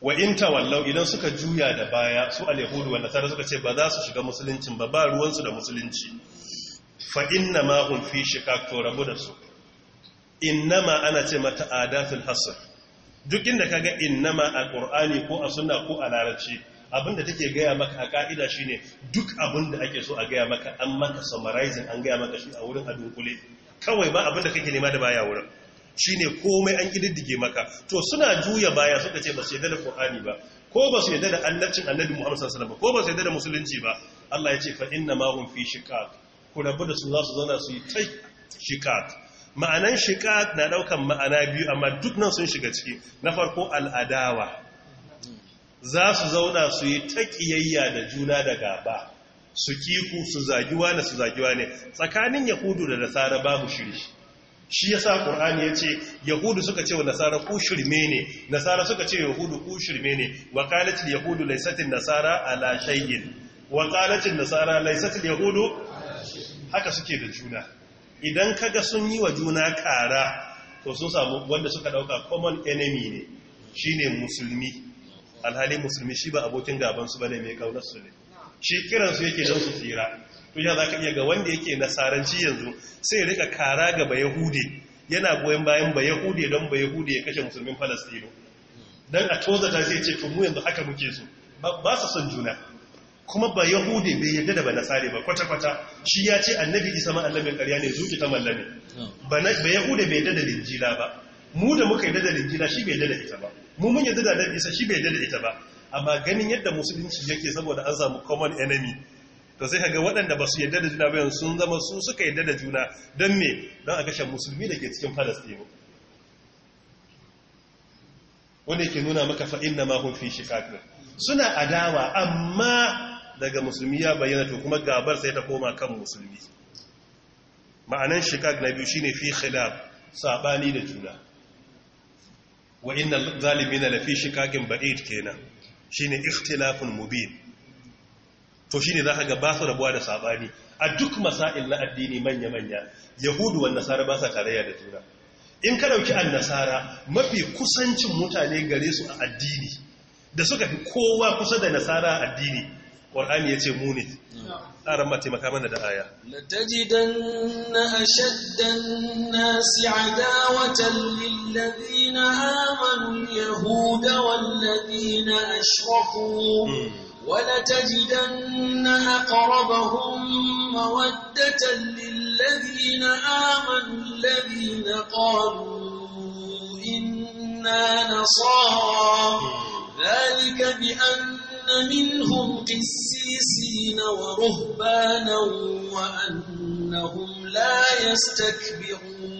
wa in wallau idan suka juya da baya su a yahudu wa nasara suka ce ba za su shiga musuluncin ba ba ruwansu da musulunci fa inna ma hum fi shi to rabu da su Inna ma ana ce mata adatul Hassan. duk inda inna ma a qur'ani ko a sunna ko a larabci abinda take gaya maka a ka'ida shine duk abinda ake so a gaya maka an maka summarizing an gaya maka shi a wurin adunkule kawai ba abinda kake nema da baya wurin Shi ne komai an kididdige maka to suna juya baya suka ce ba su yadda da ƙwa'ani ba ko ba su yadda da annabcin annabi muhammadu sallallahu ba ko ba su yadda da musulunci ba Allah ya ce fa'in na ma fi ku rabu da su za su zauna su yi ta shiƙaƙ. ma'anan shiƙaƙ na ɗaukan ma'ana biyu amma duk nan sun shiga ciki na farko al'adawa za su zauna su yi ta ƙiyayya da juna da gaba su kiku su zagiwa da su zagiwa ne tsakanin yahudu da nasara babu shiri shi ya sa ƙorani ya ce yahudu suka ce wa nasara ku shirme ne nasara suka ce yahudu ku shirme ne wa yahudu laisatin nasara ala shay'in wa nasara laisatin yahudu haka suke da juna idan kaga sun yi wa juna ƙara, to sun samu wanda suka ɗauka common enemy ne shine musulmi alhali musulmi shi ba abokin gabansu ba ne mai kaunar su ne shi kiransu yake don su tsira to za ka iya ga wanda yake nasaranci yanzu sai rika kara ga bayahude yana goyon bayan bayahude don bayahude ya kashe musulmin falastino don a ta zai ce to mu yanzu haka muke so ba su son juna kuma Bayahude bai yadda da ba nasare ba kwata-kwata shi ya ce annabi isa ma annabin karya ne zuki ta mallame Bayahude bai yadda da linjila ba mu da muka yadda da linjila shi bai yadda da ita ba mu mun yadda da annabi isa shi bai yadda da ita ba amma ganin yadda musulunci yake saboda an samu common enemy to sai kaga waɗanda ba su yadda da juna bayan sun zama su suka yadda da juna don me don a kashe musulmi da ke cikin falastinu wanda yake nuna maka fa'in na mahun fi shikakir suna adawa amma daga musulmi ya bayyana to kuma gabar sai ta koma kan musulmi ma'anan shikak na biyu ne fi khilaf sabani da juna wa innal zalibi na fi shikakin ba'id kenan shine ikhtilafin mubin to shi ne za ka ga ba su rabuwa da sabani a duk masail na addini manya manya yahudu wa nasara ba sa tarayya da tura. in ka dauki annasara mafi kusancin mutane gare su a addini da suka fi kowa kusa da nasara a addini qur'ani yace mu ne tsaran ma makaman da aya latajidanna ashaddan nasi adawatan lilladhina amanu yahuda ولتجدن أقربهم مودة للذين آمنوا الذين قالوا إنا نصارى ذلك بأن منهم قسيسين ورهبانا وأنهم لا يستكبرون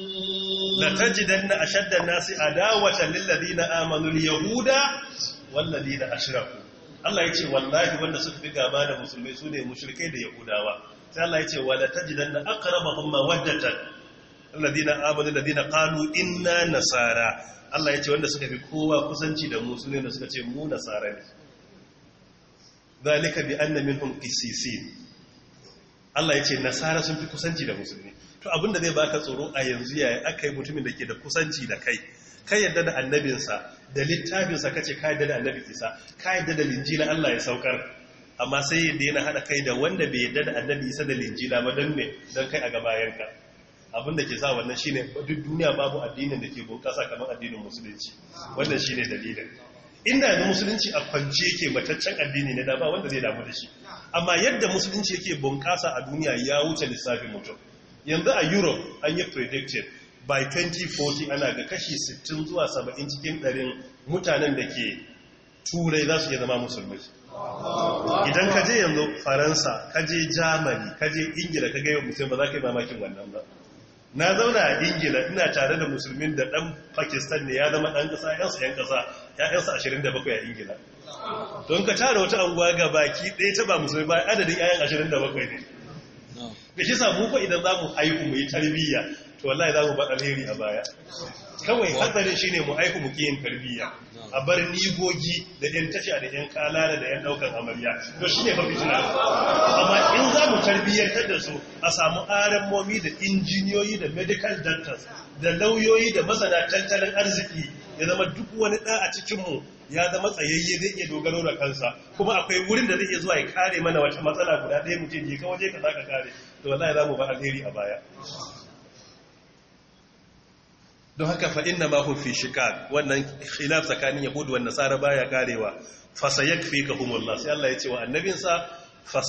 لتجدن أشد الناس عداوة للذين آمنوا اليهود والذين أشركوا Allah ya ce wallahi wanda suka fi gaba da musulmi su ne mushrikai da yahudawa sai Allah ya ce wala tajidanna hum mawaddatan alladina amanu alladina qalu inna nasara Allah ya ce wanda suka fi kowa kusanci da musulmi ne da suka ce mu nasara ne zalika bi anna minhum qissisin Allah ya ce nasara sun fi kusanci da musulmi to abinda zai baka tsoro a yanzu yayin akai mutumin da ke da kusanci da kai kai yadda da annabinsa da littafinsa kace ka yadda da annabi isa ka yadda da linjila Allah ya saukar amma sai yadda yana haɗa kai da wanda bai yadda da annabi isa da linjila ba don ne don kai a gabayanka abin da ke sa wannan shine duk duniya babu addinin da ke bunƙasa kamar addinin musulunci wannan shine dalilin inda yanzu musulunci a kwance yake mataccen addini na da wanda zai damu da shi amma yadda musulunci yake bunƙasa a duniya ya wuce lissafin mutum yanzu a europe an yi predicted by 2040 ana ga kashi 60 zuwa 70 cikin ɗarin mutanen da ke turai za su iya zama musulmi idan ka je yanzu faransa ka je germany ka je ingila ka gaya musulmi ba za ka yi mamakin wannan ba na zauna a ingila ina tare da musulmin da ɗan pakistan ne ya zama ɗan ƙasa yansu yan ƙasa ya'yansa 27 a ingila don ka tara wata anguwa ga baki ɗaya ta ba musulmi ba adadin 'ya'yan 27 ne da shi samu ko idan za mu haihu mu yi tarbiyya to wallahi za mu ba alheri a baya kawai hatsarin ne mu aiki mu yin tarbiyya a bar nigogi da yan tasha da yan kalala da yan daukar amarya to ne fa fitina amma in za mu tarbiyyantar da su a samu aran momi da injiniyoyi da medical doctors da lauyoyi da masana tattalin arziki ya zama duk wani ɗa a cikin mu ya zama tsayayye zai iya dogaro da kansa kuma akwai wurin da zai iya zuwa ya kare mana wata matsala guda ɗaya mutum je ka waje ka za ka kare to wallahi za mu ba alheri a baya don haka fa na ma hum fi wannan khilaf tsakanin Yahudu, wa nasara baya karewa fa humullah sai Allah ya ce wa annabinsa fa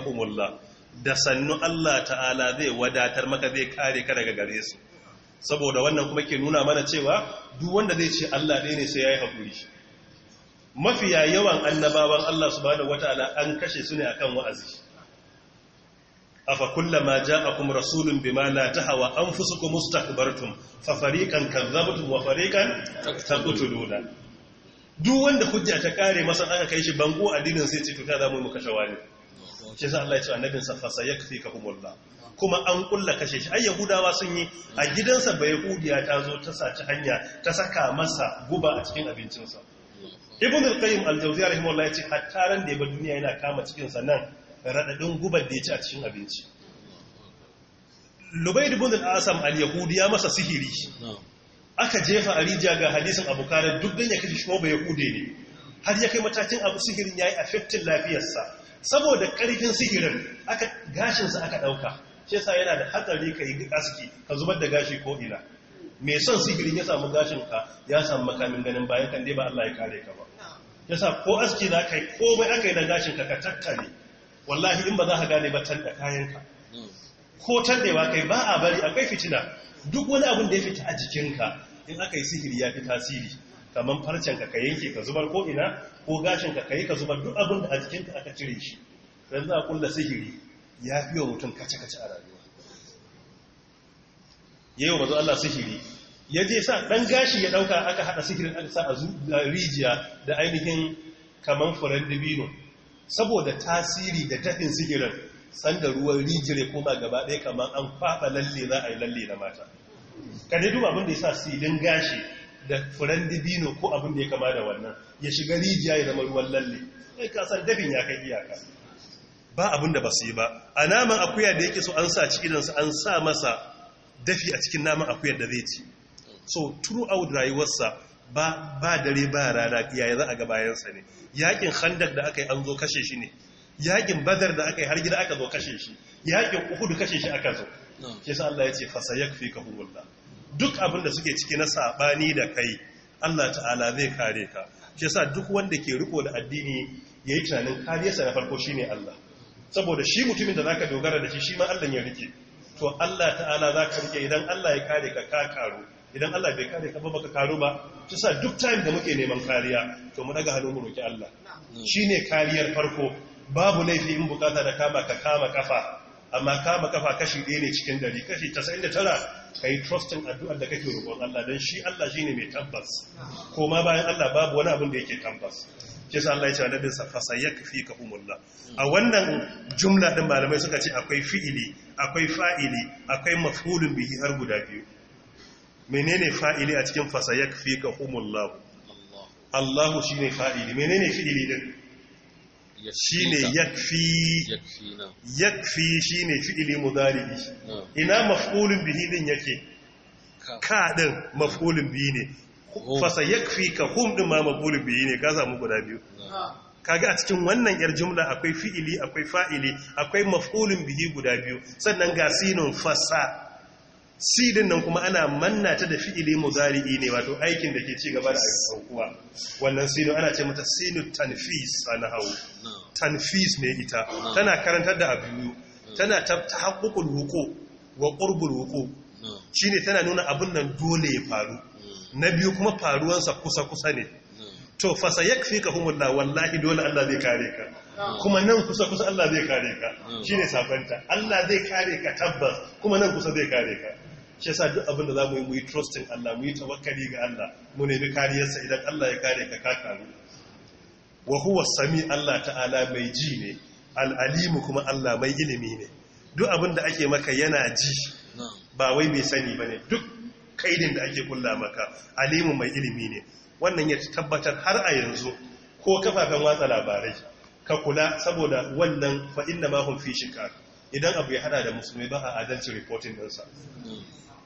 humullah da sannu Allah ta'ala zai wadatar maka zai kare ka daga gare su saboda wannan kuma ke nuna mana cewa duk wanda zai ce Allah ɗaya ne sai yayi hakuri mafiya yawan annabawan Allah subhanahu wataala an kashe su ne akan wa'azi afa kullama ja'akum rasulun bima la tahawa anfusukum mustakbartum fa fariqan kadzabtum wa fariqan taqtuluna duk wanda hujja ta kare masa aka kai shi bango addinin sai ce to ta zamu muka shawani ce sai Allah ya ce annabin sa fasayakfikahumullah kuma an kulla kashe shi ai yahudawa sun yi a gidansa bai hudiya ta zo ta saci hanya ta saka masa guba a cikin abincinsa ibn al-qayyim al jawziyyah rahimahullah ya ce hatta ran da ya duniya yana kama cikin sa nan raɗaɗin gubar da ya ci a cikin abinci lubaidu bin asam al-yahudi ya masa sihiri aka jefa a rijiya ga hadisin abokanar duk dan ya kashe shi ba ne har ya kai matakin abu sihirin ya yayi affecting lafiyarsa saboda ƙarfin sihirin aka gashinsa aka ɗauka. shi yasa yana da hatsari ka yi aski ka zubar da gashi ko ina mai son sihirin ya samu gashinka ya samu makamin ganin bayan Kande ba Allah ya kare ka ba yasa ko aski na kai komai aka yi na gashinka ka ka tattare wallahi in ba za ka gane ba tan da kayanka ko tan ba kai ba a bari akwai fitina duk wani abin da ya fita a jikinka in aka yi sihiri ya fi tasiri kamar farcen ka yanke ka zubar ko ina ko gashin ka kai ka zubar duk abin da a jikinka aka cire shi dan za a kulla sihiri ya fi wa mutum kace kace a rayuwa yayin bazo Allah sihiri ya je sa ɗan gashi ya ɗauka aka haɗa sihirin aka sa a rijiya da ainihin kamar furen dabino saboda tasiri da tafin sihirin sanda ruwan rijire koma gaba ɗaya kamar an kwaɓa lalle za a yi lalle na mata ka ne duba abin ya sa silin gashi da furen dibino ko abinda ya kama da wannan ya shiga rijiya ya zama ruwan lalle sai ka san dafin ya kai iyaka ba abinda ba su yi ba a naman akuya da yake so an sa cikinansa an sa masa dafi a cikin naman akuyar da zai ci so throughout rayuwarsa ba dare ba rana yaya za a ga bayansa ne yakin khandak da aka yi an zo kashe shi ne yakin badar da aka yi har gida aka zo kashe shi yakin uhudu kashe shi aka zo Ke sa Allah ya ce ka humullah duk abin da suke ciki na sabani da kai Allah ta'ala zai kare ka ke sa duk wanda ke riko da addini yayi tunanin kariyarsa na farko shi ne Allah saboda shi mutumin da zaka dogara da shi shi ma Allah ya rike to Allah ta'ala zaka rike idan Allah ya kare ka ka karo idan Allah bai kare ka ba baka karo ba shi sa duk time da muke neman kariya to mu daga hannu mu roki Allah shine kariyar farko babu laifi in bukata da kama ka kama kafa amma kama kafa kashi ɗaya ne cikin dari kashi 99 kai trusting addu'ar da kake roƙon Allah dan shi Allah shine mai tabbas Koma bayan Allah babu wani abin da yake tabbas kisa Allah ya ce annabin sa ka umulla a wannan jumla din malamai suka ce akwai fi'ili akwai fa'ili akwai maf'ulun bihi har guda biyu menene fa'ili a cikin fasa ya fi ka humullahu allahu shi ne fa'ili menene fi'ili din shi ne ya fi shi ne fi'ili mudaribi ina maf'ulun bihi din yake ka din bihi ne fasa fi ka hum din ma maf'ulun bihi ne ka samu guda biyu kaga a cikin wannan yar jumla akwai fi'ili akwai fa'ili akwai maf'ulun bihi guda biyu sannan ga sinin fasa sidin nan kuma ana manna ta da fi'ili muzari'i ne wato aikin da ke ci gaba da saukuwa wannan sidin ana ce mata sinu tanfis a hau tanfis ne ita tana karantar da abu tana ta haƙuƙul wuko wa ƙurbul wuko shi ne tana nuna abin nan dole ya faru na biyu kuma faruwansa kusa-kusa ne to fasa ya fi ka humulla wallahi dole Allah zai kare ka kuma nan kusa-kusa Allah zai kare ka shi ne sabanta Allah zai kare ka tabbas kuma nan kusa zai kare ka shi sa duk abin da za mu yi mu yi trusting Allah mu yi tawakkali ga Allah mu nemi kariyarsa idan Allah ya kare ka ka karu wa huwa sami Allah ta'ala mai ji ne al'alimu kuma Allah mai ilimi ne duk abin da ake maka yana ji ba wai mai sani ba ne duk kaidin da ake kulla maka alimu mai ilimi ne wannan ya tabbatar har a yanzu ko kafafen watsa labarai ka kula saboda wannan fa'in ma mahun fi shika idan abu ya hada da musulmi ba a adalci reporting ɗinsa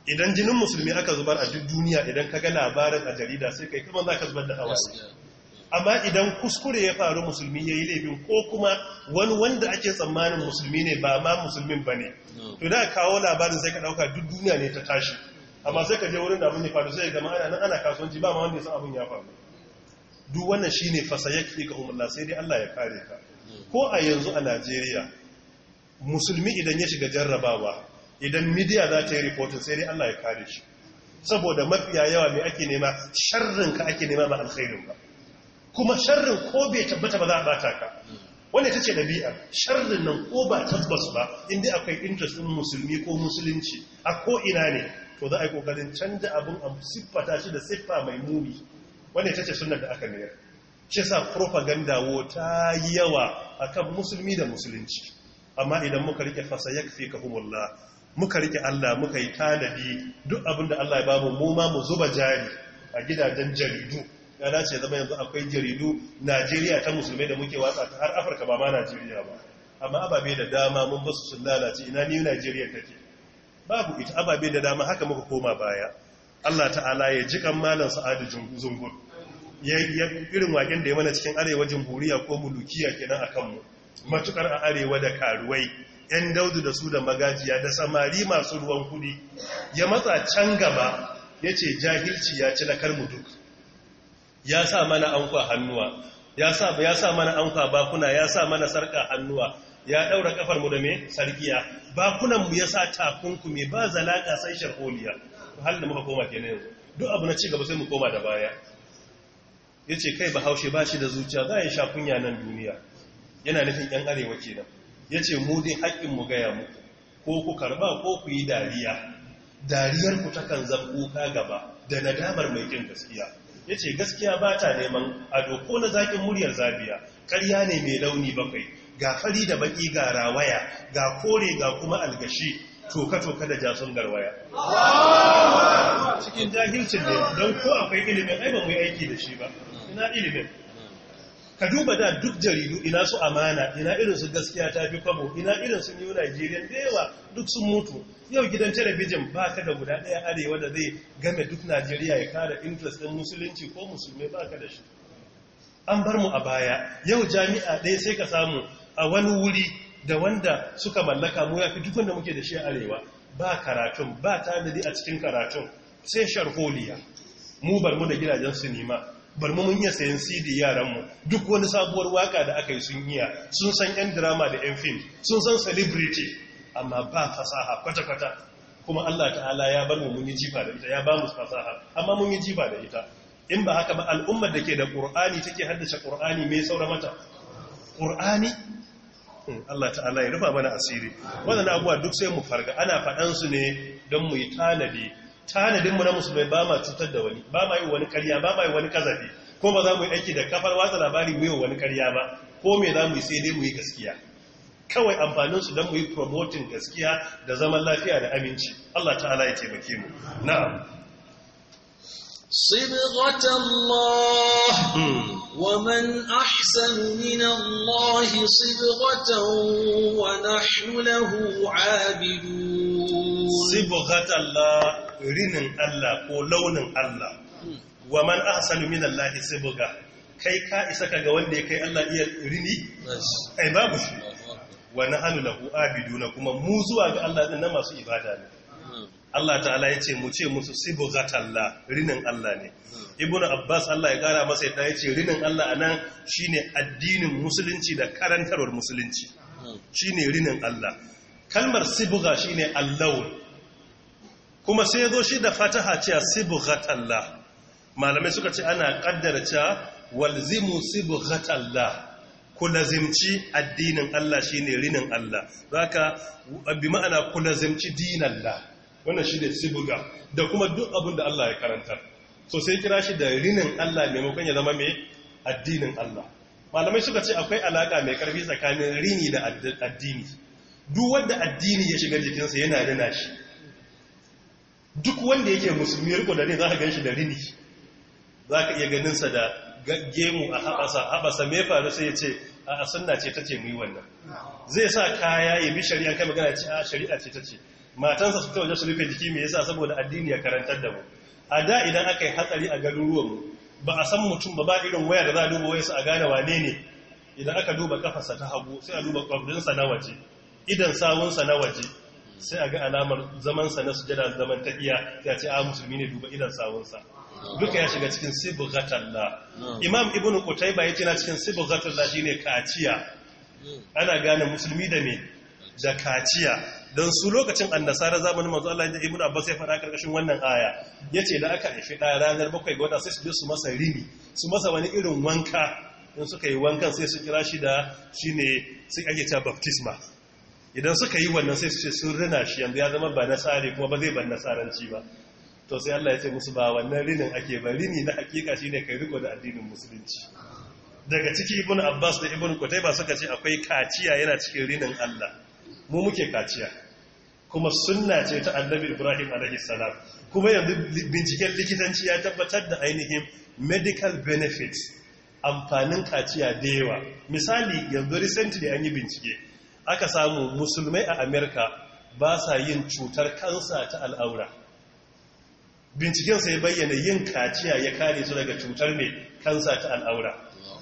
idan jinin musulmi aka zubar a duk duniya idan ka ga labarin a jarida sai kai kuma za ka zubar da hawaye amma idan kuskure ya faru musulmi ya yi laifin ko kuma wani wanda ake tsammanin musulmi ne ba ma musulmin ba ne to da kawo labarin sai ka dauka duk duniya ne ta tashi amma sai ka je wurin da abin ya faru sai ga ma'ana nan ana kasuwanci ba ma wanda ya san abin ya faru duk wannan shine fasayaki ga umullah sai dai Allah ya kare ka ko a yanzu a Najeriya musulmi idan ya shiga jarrabawa idan midiya za ta yi rikotin sai dai Allah ya kare shi saboda mafiya yawa mai ake nema sharrin ka ake nema ba alkhairin ba kuma sharrin ko bai tabbata ba za a bata ka wanda ta ce ɗabi'a sharrin nan ko ba tabbas ba inda akwai interest ɗin musulmi ko musulunci a ko ina ne to za a yi ƙoƙarin canja abin a siffata shi da siffa mai muni wanda ta ce sunan da aka mayar shi sa propaganda wo yawa akan musulmi da musulunci amma idan muka rike fasa yakfi kahumullah muka rike Allah muka yi tanadi duk abin da Allah ya bamu mu ma mu zuba jari a gidajen jaridu ya dace zama yanzu akwai jaridu Najeriya ta musulmai da muke watsa ta har Afirka ba ma Najeriya ba amma ababe da dama mun basu sun lalace ina ni Najeriya take babu ita ababe da dama haka muka koma baya Allah ta'ala ya ji kan malam Sa'adu Zungur ya irin waken da ya mana cikin arewa jamhuriya ko mulukiya kenan akan mu matukar a arewa da karuwai yan daudu da su da magajiya da samari masu ruwan kudi ya matsa can gaba ya ce jahilci ya ci na duk ya sa mana an kwa hannuwa ya sa mana an kwa bakuna ya sa mana sarka hannuwa ya ɗaura kafar mu da me sarkiya bakunan mu ya sa takunkumi ba zalaka sai sharholiya hal da muka koma kenan yanzu duk abu na cigaba sai mu koma da baya Ya ce kai bahaushe ba shi da zuciya za a yi sha kunya nan duniya yana nufin yan arewa kenan ya ce mu dai haƙƙin mu gaya muku ko ku karba ko ku yi dariya dariyarku takan zan kuka gaba da nadamar mai kin gaskiya ya ce gaskiya ba ta neman ado ko na zaƙin muryar zabiya ƙarya ne mai launi bakwai ga fari da baƙi ga rawaya ga kore ga kuma algashi toka-toka da jasun garwaya cikin jahilcin ne don ko akwai ilimin ai ba aiki da shi ba ina ilimin ka duba da duk jaridu ina su amana ina irin su gaskiya ta fi kwabo ina irin su new nigerian da yawa duk sun mutu yau gidan talabijin ba ka da guda ɗaya arewa da zai game duk najeriya ya kara interest ɗin musulunci ko musulmi ba ka da shi an bar mu a baya yau jami'a ɗaya sai ka samu a wani wuri da wanda suka mallaka mu ya fi duk wanda muke da shi arewa ba karatun ba tanadi a cikin karatun sai sharholiya mu bar mu da gidajen sinima bar mu mun iya sayan CD yaranmu duk wani sabuwar waka da aka yi sun yiya sun san yan drama da yan film sun san celebrity amma ba fasaha kwata-kwata kuma Allah ta'ala ya bar mu mun yi jifa da ita ya ba mu fasaha amma mun yi jifa da ita in ba haka ba al'ummar da ke da Qur'ani take haddace Qur'ani mai saura mata Qur'ani hmm, Allah ta'ala ya rufa mana asiri wannan abuwa duk sai mu farga ana faɗan su ne don mu yi tanadi tanadinmu na musulmai ba ma cutar da wani ba ma yi wani karya ba ma yi wani kazafi ko ba za mu yi aiki da kafar watsa labari mu yi wani karya ba ko me za mu yi sai dai mu yi gaskiya kawai amfaninsu don mu yi promoting gaskiya da zaman lafiya da aminci Allah ta'ala ya taimake mu na'am صبغة الله hmm. ومن أحسن من الله صبغة ونحن له عابدون صبغة الله رنن الله ولون الله hmm. ومن أحسن من الله صبغة kai ka isa kaga wanda ya kai Allah iya rini ai babu shi wa nahanu lahu abiduna kuma mu zuwa ga Allah din na masu ibada ne Allah ta'ala ya ce mu ce musu sibghatallah rinin Allah ne hmm. ibnu abbas Allah ya kara masa ya ce rinin Allah anan shine addinin musulunci da karantarwar musulunci hmm. shine rinin Allah kalmar sibgha shine allaw kuma sai zo shi da fataha ce sibghatallah malamai suka ce ana kaddara cewa walzimu sibghatallah ku lazimci addinin Allah shine rinin Allah zaka bi ma'ana ku lazimci dinallah wannan shi ne sibuga da kuma duk abin da Allah ya karantar so sai kira shi da rinin Allah maimakon ya zama mai addinin Allah malamai suka ce akwai alaka mai karfi tsakanin rini da addini duk wanda addini ya shiga jikinsa yana rina shi duk wanda yake musulmi ya riko da ne za ka gan shi da rini za ka iya sa da gemu a haɓasa haɓasa mai faru sai ya ce a sunna ce ta ce mu wannan zai sa kaya ya bi shari'a kai magana ce a shari'a ce ta ce matansa su waje su rufe jiki mai yasa saboda addini ya karantar da mu a da idan aka yi hatsari a garuruwan mu ba a san mutum ba ba irin waya da za a duba wayarsa a gane wane ne idan aka duba kafarsa ta hagu sai a duba kwabrinsa na waje idan sawunsa na waje sai a ga alamar zamansa na sujada zaman ta iya ya ce a ah, musulmi ne duba idan sawunsa duka ya shiga cikin sibghatalla imam ibnu qutayba yace na cikin sibghatalla shine kaciya hmm. ana gane musulmi da me da kaciya don su lokacin annasara zamanin mazu Allah da Ibn Abbas ya fara karkashin wannan aya Ya ce da aka haifi ɗaya ranar bakwai ga wata sai su je su masa rini su masa wani irin wanka in suka yi wankan sai su kira shi da ne su ake ta baptisma idan suka yi wannan sai su ce sun rina shi yanzu ya zama ba nasare kuma ba zai ban nasaranci ba to sai Allah ya ce musu ba wannan rinin ake ba rini na hakika ne kai riko da addinin musulunci daga ciki ibn abbas da ibn kutaiba suka ce akwai kaciya yana cikin rinin Allah mu muke kaciya kuma sunna ce ta annabi ibrahim alaihissalam kuma yanzu binciken likitanci ya tabbatar da ainihin medical benefits amfanin kaciya da yawa misali yanzu recently an yi bincike aka samu musulmai a america ba sa yin cutar kansa ta al'aura binciken sai bayyana yin kaciya ya kare su daga cutar mai kansa ta al'aura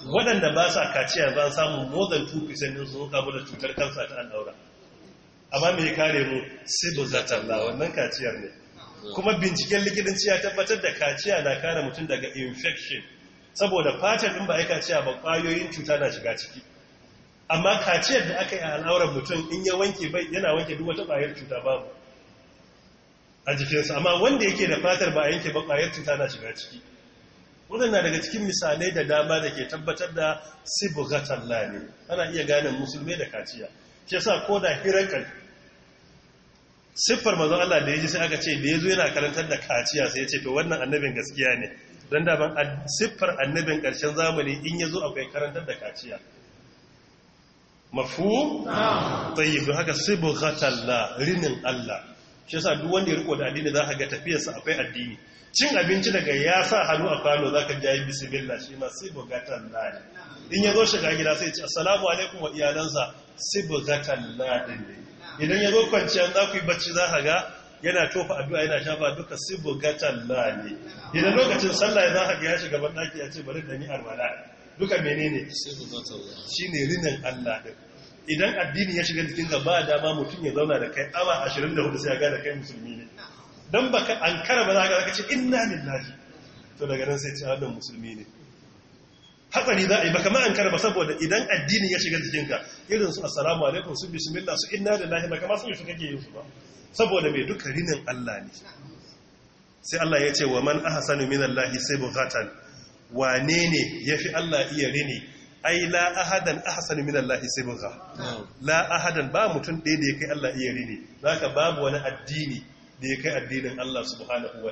waɗanda ba sa kaciya ba samu more than 2% su kamu da cutar kansa ta al'aura amma mai kare mu ta zatalla wannan kaciyar ne kuma binciken likitanci ya tabbatar da kaciya na kare mutum daga infection saboda fatar in ba ai kaciya ba kwayoyin cuta na shiga ciki amma kaciyar da aka yi a al'auran mutum in ya wanke bai yana wanke duk wata kwayar cuta babu a jikinsa amma wanda yake da fatar ba yanke ba kwayar cuta na shiga ciki na daga cikin misalai da dama da ke tabbatar da sibugatalla ne ana iya gane musulmai da kaciya ke sa ko da hirakal siffar mazan Allah da ya ji sai aka ce da ya zo yana karantar da kaciya sai ya ce to wannan annabin gaskiya ne don daban siffar annabin karshen zamani in ya zo akwai karantar da kaciya mafu? tsayi don haka sibin rinin Allah shi sa duk wanda ya riko da addini za ka ga tafiyarsa akwai addini cin abinci daga ya sa hannu a kwano za ka jayi bisimillah shi ma sibin ne in ya zo shiga gida sai ce assalamu alaikum wa iyalansa sibin hatalla ne idan ya zo kwanciyar za ku yi bacci za ka ga yana tofa addu'a yana shafa duka sibu gatan lani idan lokacin sallah za ka ya shiga ban daki ya ce bari da ni armada duka menene shine rinin Allah ɗin idan addini ya shiga cikin gaba dama mutum ya zauna da kai awa 24 sai ya ga da kai musulmi ne dan baka kara ba za ka ce inna lillahi to daga nan sai ce hada musulmi ne hatsari za a yi baka ma'ankar ba saboda idan addini ya shiga jikinka irin su assalamu alaikum su bismillah su inna da lahi baka masu yushe kake yin su ba saboda mai duka rinin Allah ne sai Allah ya ce wa man ahsanu min Allah sibghatan wane ne yafi Allah iya rini ai la ahadan min sai la ahadan ba mutum ɗaya da ya kai Allah iya rini zaka babu wani addini da ya kai addinin Allah subhanahu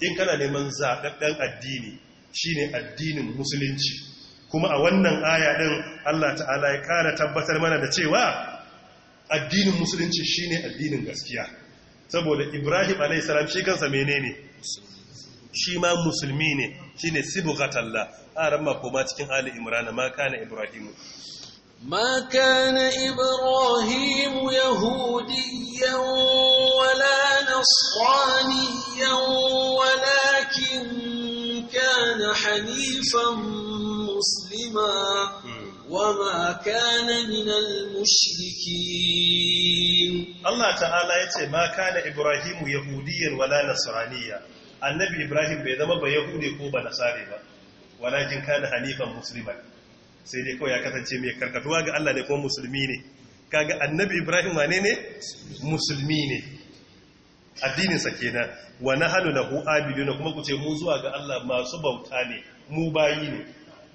in kana neman zaɓaɓɓen addini shine addinin musulunci kuma a wannan aya din Allah ta'ala ya kara tabbatar mana da cewa addinin musulunci shine addinin gaskiya saboda Ibrahim alayhi salam shi kansa menene shi ma musulmi ne shine sibghatallah aran ma koma cikin ali imran ma kana ibrahim ma kana ibrahim yahudiyyan wala nasraniyyan walakin كَانَ حَنِيفًا مُسْلِمًا وَمَا كَانَ مِنَ الْمُشْرِكِينَ الله تعالى يتي ما كان إبراهيم يهوديا ولا نصرانيا النبي إبراهيم بيدما بيهودي كوبا نصاري ولكن كان حنيفا مسلما sai dai kawai ya kasance mai karkatuwa ga Allah ne kuma musulmi ne kaga annabi Ibrahim wane ne musulmi ne sa kenan wa na hu'a lahu abiduna kuma ku ce mu zuwa ga Allah masu bauta ne mu bayi ne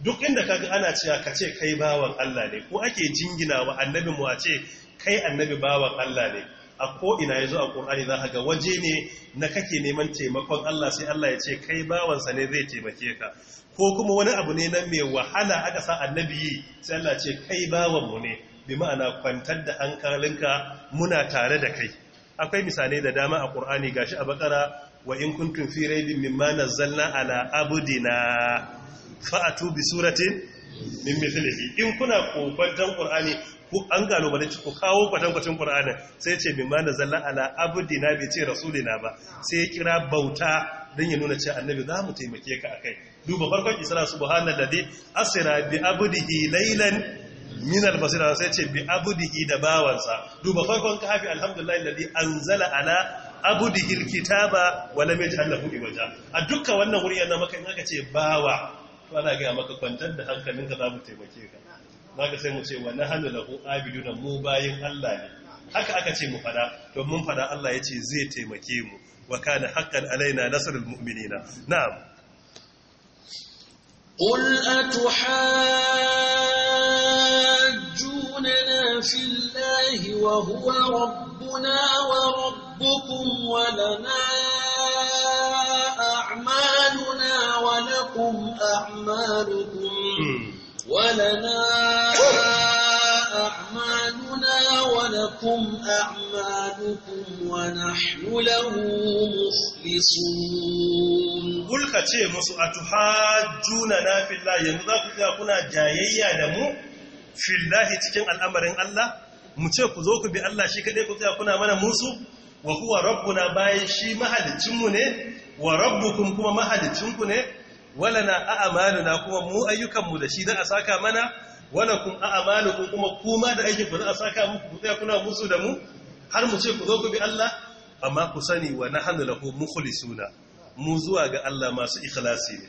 duk inda kaga ana cewa ka ce kai bawan Allah ne ko ake jingina wa annabi mu a ce kai annabi bawan Allah ne a ko ina yazo a Qur'ani za ga waje ne na kake neman taimakon Allah sai Allah ya ce kai bawansa ne zai taimake ka ko kuma wani abu ne nan mai wahala aka sa annabi sai Allah ce kai mu ne bi ma'ana kwantar da hankalinka muna tare da kai akwai misalai da dama a ƙur'ani gashi a bakara wa in kuntum fi bin mimana nazzalna ala abudina fa'atu bi suratin min mithlihi in kuna kobantan qur'ani ku an bane ku kawo kwatan kwacin Kur'ani? sai ce mimana nazzalna ala abudina bai ce rasulina ba sai ya kira bauta dan ya nuna cewa annabi za mu taimake ka akai duba farkon isra subhanallazi asira bi abudihi laylan min basira sai ce bi abudihi da bawansa duba farkon kafi alhamdulillah alladhi anzala ala abudihi alkitaba wa lam yaj'al lahu iwaja a duka wannan wuri na maka in aka ce bawa to ana ga maka kwantar da hankalinka za mu taimake ka zaka sai mu ce wa nahnu lahu abiduna mu bayin Allah ne haka aka ce mu fada to mun fada Allah ya ce zai taimake mu wa kana haqqan alaina nasrul mu'minina na'am qul أتحاجون في الله وهو ربنا وربكم ولنا أعمالنا ولكم أعمالكم ولنا أعمالنا ولكم أعمالكم ونحن له مخلصون قل كتير مسؤة حاجوننا في الله ينظر يعني كنا يا دمو fillahi cikin al'amarin Allah mu ce ku zo ku bi Allah shi kaɗai ku tsaya kuna mana musu wa Rabbu rabbuna bayan shi mahalicinmu ne wa kun kuma mahalicinku ne wala na na kuma mu ayyukanmu da shi za a saka mana wala kun kun kuma kuma da aiki ku za a saka muku ku tsaya kuna musu da mu har mu ce ku zo ku bi Allah amma ku sani wa nahnu lahu mukhlisuna mu zuwa ga Allah masu ikhlasi ne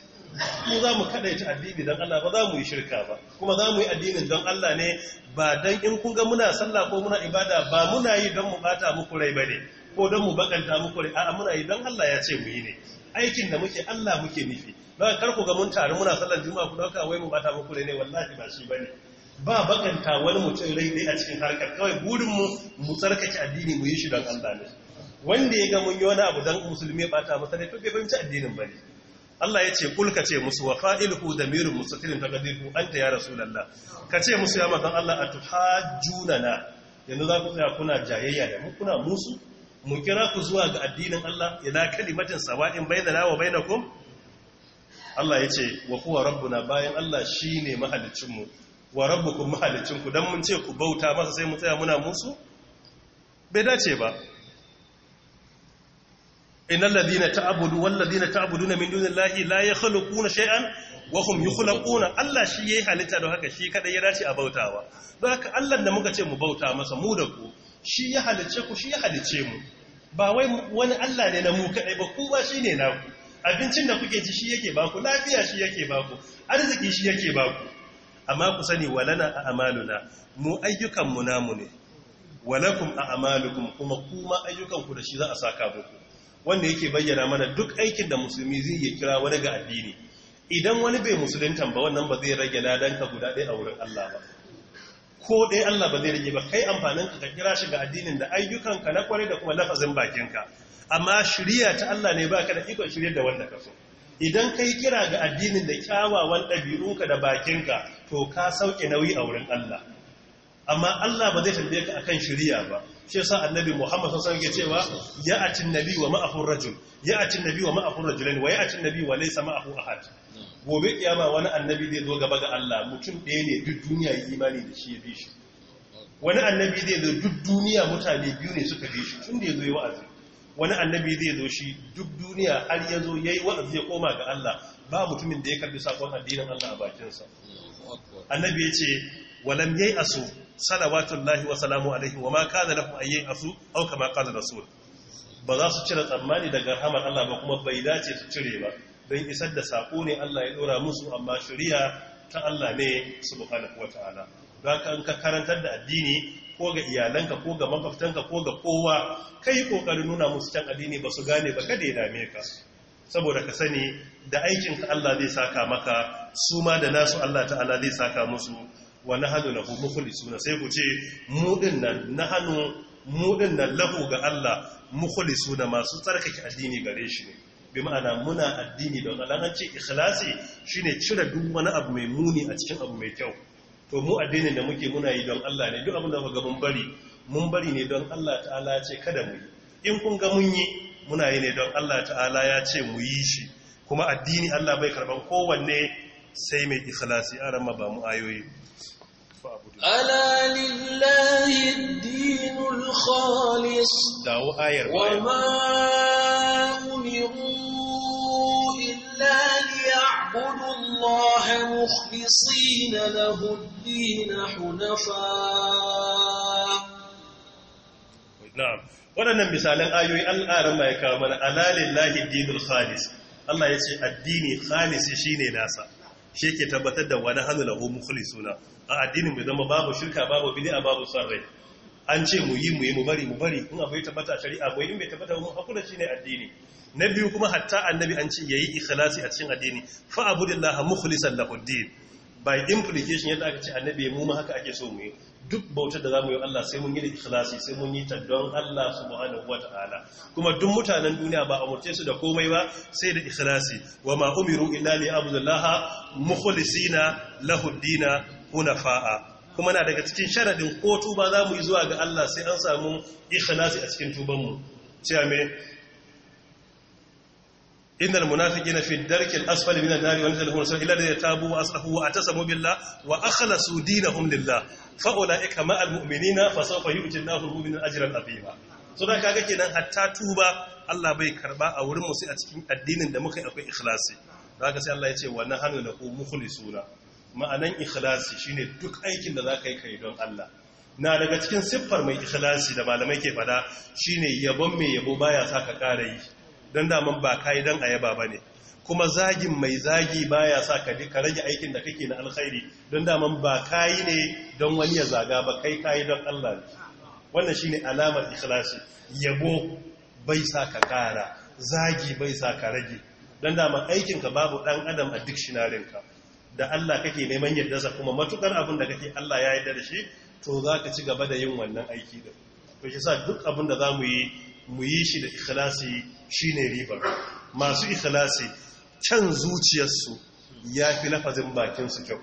mu za mu kaɗaita addini don Allah ba za mu yi shirka ba kuma za mu yi addinin don Allah ne ba don in kun ga muna sallah ko muna ibada ba muna yi don mu bata muku rai ba ne ko don mu bakanta muku rai a'a muna yi don Allah ya ce mu yi ne aikin da muke Allah muke nufi ba kar ku ga mun tare muna sallar juma'a ku dauka wai mu bata muku rai ne wallahi ba shi bane ba bakanta wani mutum rai ne a cikin harkar kawai burin mu mu tsarkake addini mu yi shi don Allah ne wanda ya ga mun yi wani abu don musulmi ya bata masa ne to bai fahimci addinin ba ne. Allah ya ce kulka ce musu wa musu, damirun mustatirun taqdiruhu anta ya lalla. ka ce musu ya matan Allah a na? yanzu za ku tsaya kuna jayayya da mu kuna musu mu kira ku zuwa ga addinin Allah ina kalimatin sawa'in bainana wa bainakum Allah ya ce wa huwa rabbuna bayan Allah shi ne mahalicinmu wa rabbukum mahalicin ku dan mun ce ku bauta masa sai mu tsaya muna musu bai dace ba innal ladina ta'budu wal ladina ta'buduna min dunillahi la yakhluquna shay'an wa hum yukhlaquna Allah shi yayi halitta don haka shi kada ya dace a bautawa don haka Allah da muka ce mu bauta masa mu da ku shi ya halice ku shi ya halice mu ba wai wani Allah ne na mu kadai ba ku ba shine naku abincin da kuke ci shi yake baku lafiya shi yake baku arziki shi yake baku amma ku sani walana amaluna mu ayyukan mu namu ne walakum a amalukum kuma kuma ayyukan ku da shi za a saka muku wanda yake bayyana mana duk aikin da musulmi zai iya kira wani ga addini idan wani bai musulunta ba wannan ba zai rage ladanka guda ɗaya a wurin Allah ba ko ɗaya Allah ba zai rage ba kai amfanin ka kira shi ga addinin da ayyukanka na kwarai da kuma lafazin bakinka amma shirya ta Allah ne baka da ikon shirya da wanda ka so idan kai kira ga addinin da kyawawan ɗabi'unka da bakinka to ka sauke nauyi a wurin Allah amma Allah ba zai tambaye ka akan shirya ba shi yasa annabi Muhammad sun sanke cewa ya cewa cin nabi wa ma'afin rajul cin nabi wa ma'ahu rajulain wa cin nabi wa laisa ma'afin ahad gobe kiyama wani annabi zai zo gaba ga Allah mutum ɗaya ne duk duniya yi imani da shi ya bi shi wani annabi zai zo duk duniya mutane biyu ne suka bi shi tun da ya zo yi wa'azi wani annabi zai zo shi duk duniya har ya zo ya yi wa'azi ya koma ga Allah ba mutumin da ya karbi sakon addinin Allah a bakinsa annabi ya ce walam yayi asu salawatullahi wa salamu alaihi wa ma kana lahum ayyin asu aw kama qala ba za su cire tsammani daga rahamar Allah ba kuma bai dace su cire ba don isar da sako ne Allah ya dora musu amma shari'a ta Allah ne subhanahu wataala don ka ka karantar da addini ko ga iyalanka ko ga makwabtanka ko ga kowa kai kokarin nuna musu can addini ba su gane ba kada ya dame ka saboda ka sani da aikinka Allah zai saka maka su ma da nasu Allah ta'ala zai saka musu wa nahnu lahu mukhlisuna sai ku ce mu dinnan nahnu mu lahu ga Allah mukhlisuna masu tsarkake addini gare shi ne bi ma'ana muna addini don Allah an ce ikhlasi shine cire duk wani abu mai muni a cikin abu mai kyau to mu addinin da muke muna yi don Allah ne duk abin da mun bari mun bari ne don Allah ta'ala ya ce kada mu yi in kun ga mun yi muna yi ne don Allah ta'ala ya ce mu yi shi kuma addini Allah bai karban kowanne sai mai ikhlasi a ma ba mu ayoyi ألا لله الدين الخالص وما أمروا إلا ليعبدوا الله مخلصين له الدين حنفاء na'am waɗannan misalan ayoyi al'aran mai kawo mana alalin dinul khalis Allah ya ce addini khalisi shine nasa shi ke tabbatar da wani hannu lahu mukhlisuna a addinin mai zama babu shirka babu a babu sarrai an ce mu yi mu yi mu bari mu bari in abu ya tabbata shari'a ko in bai tabbata hakuna shi shine addini na biyu kuma hatta annabi an ce yi ikhlasi a cikin addini fa abudillaha mukhlishan lahu din by implication yadda aka ce annabi mu ma haka ake so mu yi duk bautar da zamu yi Allah sai mun yi da ikhlasi sai mun yi ta don Allah subhanahu ta'ala. kuma duk mutanen duniya ba amurce su da komai ba sai da ikhlasi wa ma umiru illa li abudillaha mukhlisina lahu dina hunafa'a kuma na daga cikin sharadin ko tuba za mu yi zuwa ga Allah sai an samu ikhlasi a cikin tubanmu cewa me innal munafiqina fi darkil asfali minan nari wa nadhal hunsa illa alladhina tabu wa aslahu wa atasamu billah wa akhlasu dinahum lillah fa ulaika ma'al mu'minina fa sawfa yu'ti Allahu al 'azima so da kaga kenan hatta tuba Allah bai karba a wurin mu sai a cikin addinin da muka akwai ikhlasi da haka sai Allah ya ce wa nahanu lahu mukhlisuna ma'anan ikhlasi shine duk aikin da za ka yi kai don Allah na daga cikin siffar mai ikhlasi da malamai ke fada shine yabon mai yabo baya sa ka ƙara yi don daman ba ka yi don a ba ne kuma zagin mai zagi baya sa ka rage aikin da kake na alkhairi don daman ba ka yi ne don wani ya zaga ba kai ka yi don Allah ne wannan shine alamar ikhlasi yabo bai sa ka ƙara zagi bai sa ka rage don daman aikinka babu dan adam a ka da Allah kake neman yardarsa kuma matukar abin da kake Allah ya yarda da shi to za ka ci gaba da yin wannan aiki da to shi sa duk abin da za mu yi mu yi shi da ikhlasi ne riba. masu ikhlasi can zuciyarsu ya fi lafazin bakinsu kyau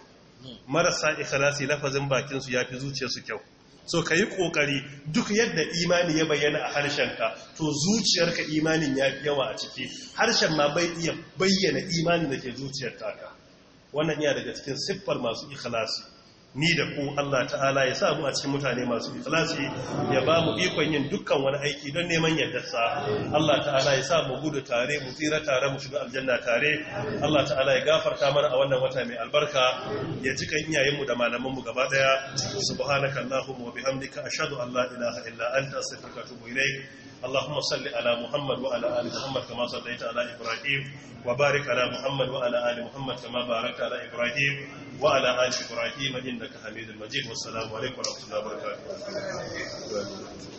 marasa ikhlasi lafazin bakinsu ya fi zuciyarsu kyau so ka yi ƙoƙari duk yadda imani ya bayyana a harshenka to zuciyarka imanin ya fi yawa a ciki harshen ma bai iya bayyana imanin da ke zuciyar taka wannan yana daga cikin siffar masu ikhlasi ni da ku Allah ta'ala ya sa mu a cikin mutane masu ikhlasi ya ba mu ikon yin dukkan wani aiki don neman yardarsa Allah ta'ala ya sa mu gudu tare mu tsira tare mu shiga aljanna tare Allah ta'ala ya gafarta mana a wannan wata mai albarka ya cika iyayen mu da malaman mu gaba daya subhanakallahumma wa bihamdika ashhadu an la ilaha illa anta astaghfiruka wa atubu ilaik اللهم صل على محمد وعلى آل محمد كما صليت على إبراهيم وبارك على محمد وعلى آل محمد كما باركت على إبراهيم وعلى آل إبراهيم إنك حميد مجيد والسلام عليكم ورحمة الله وبركاته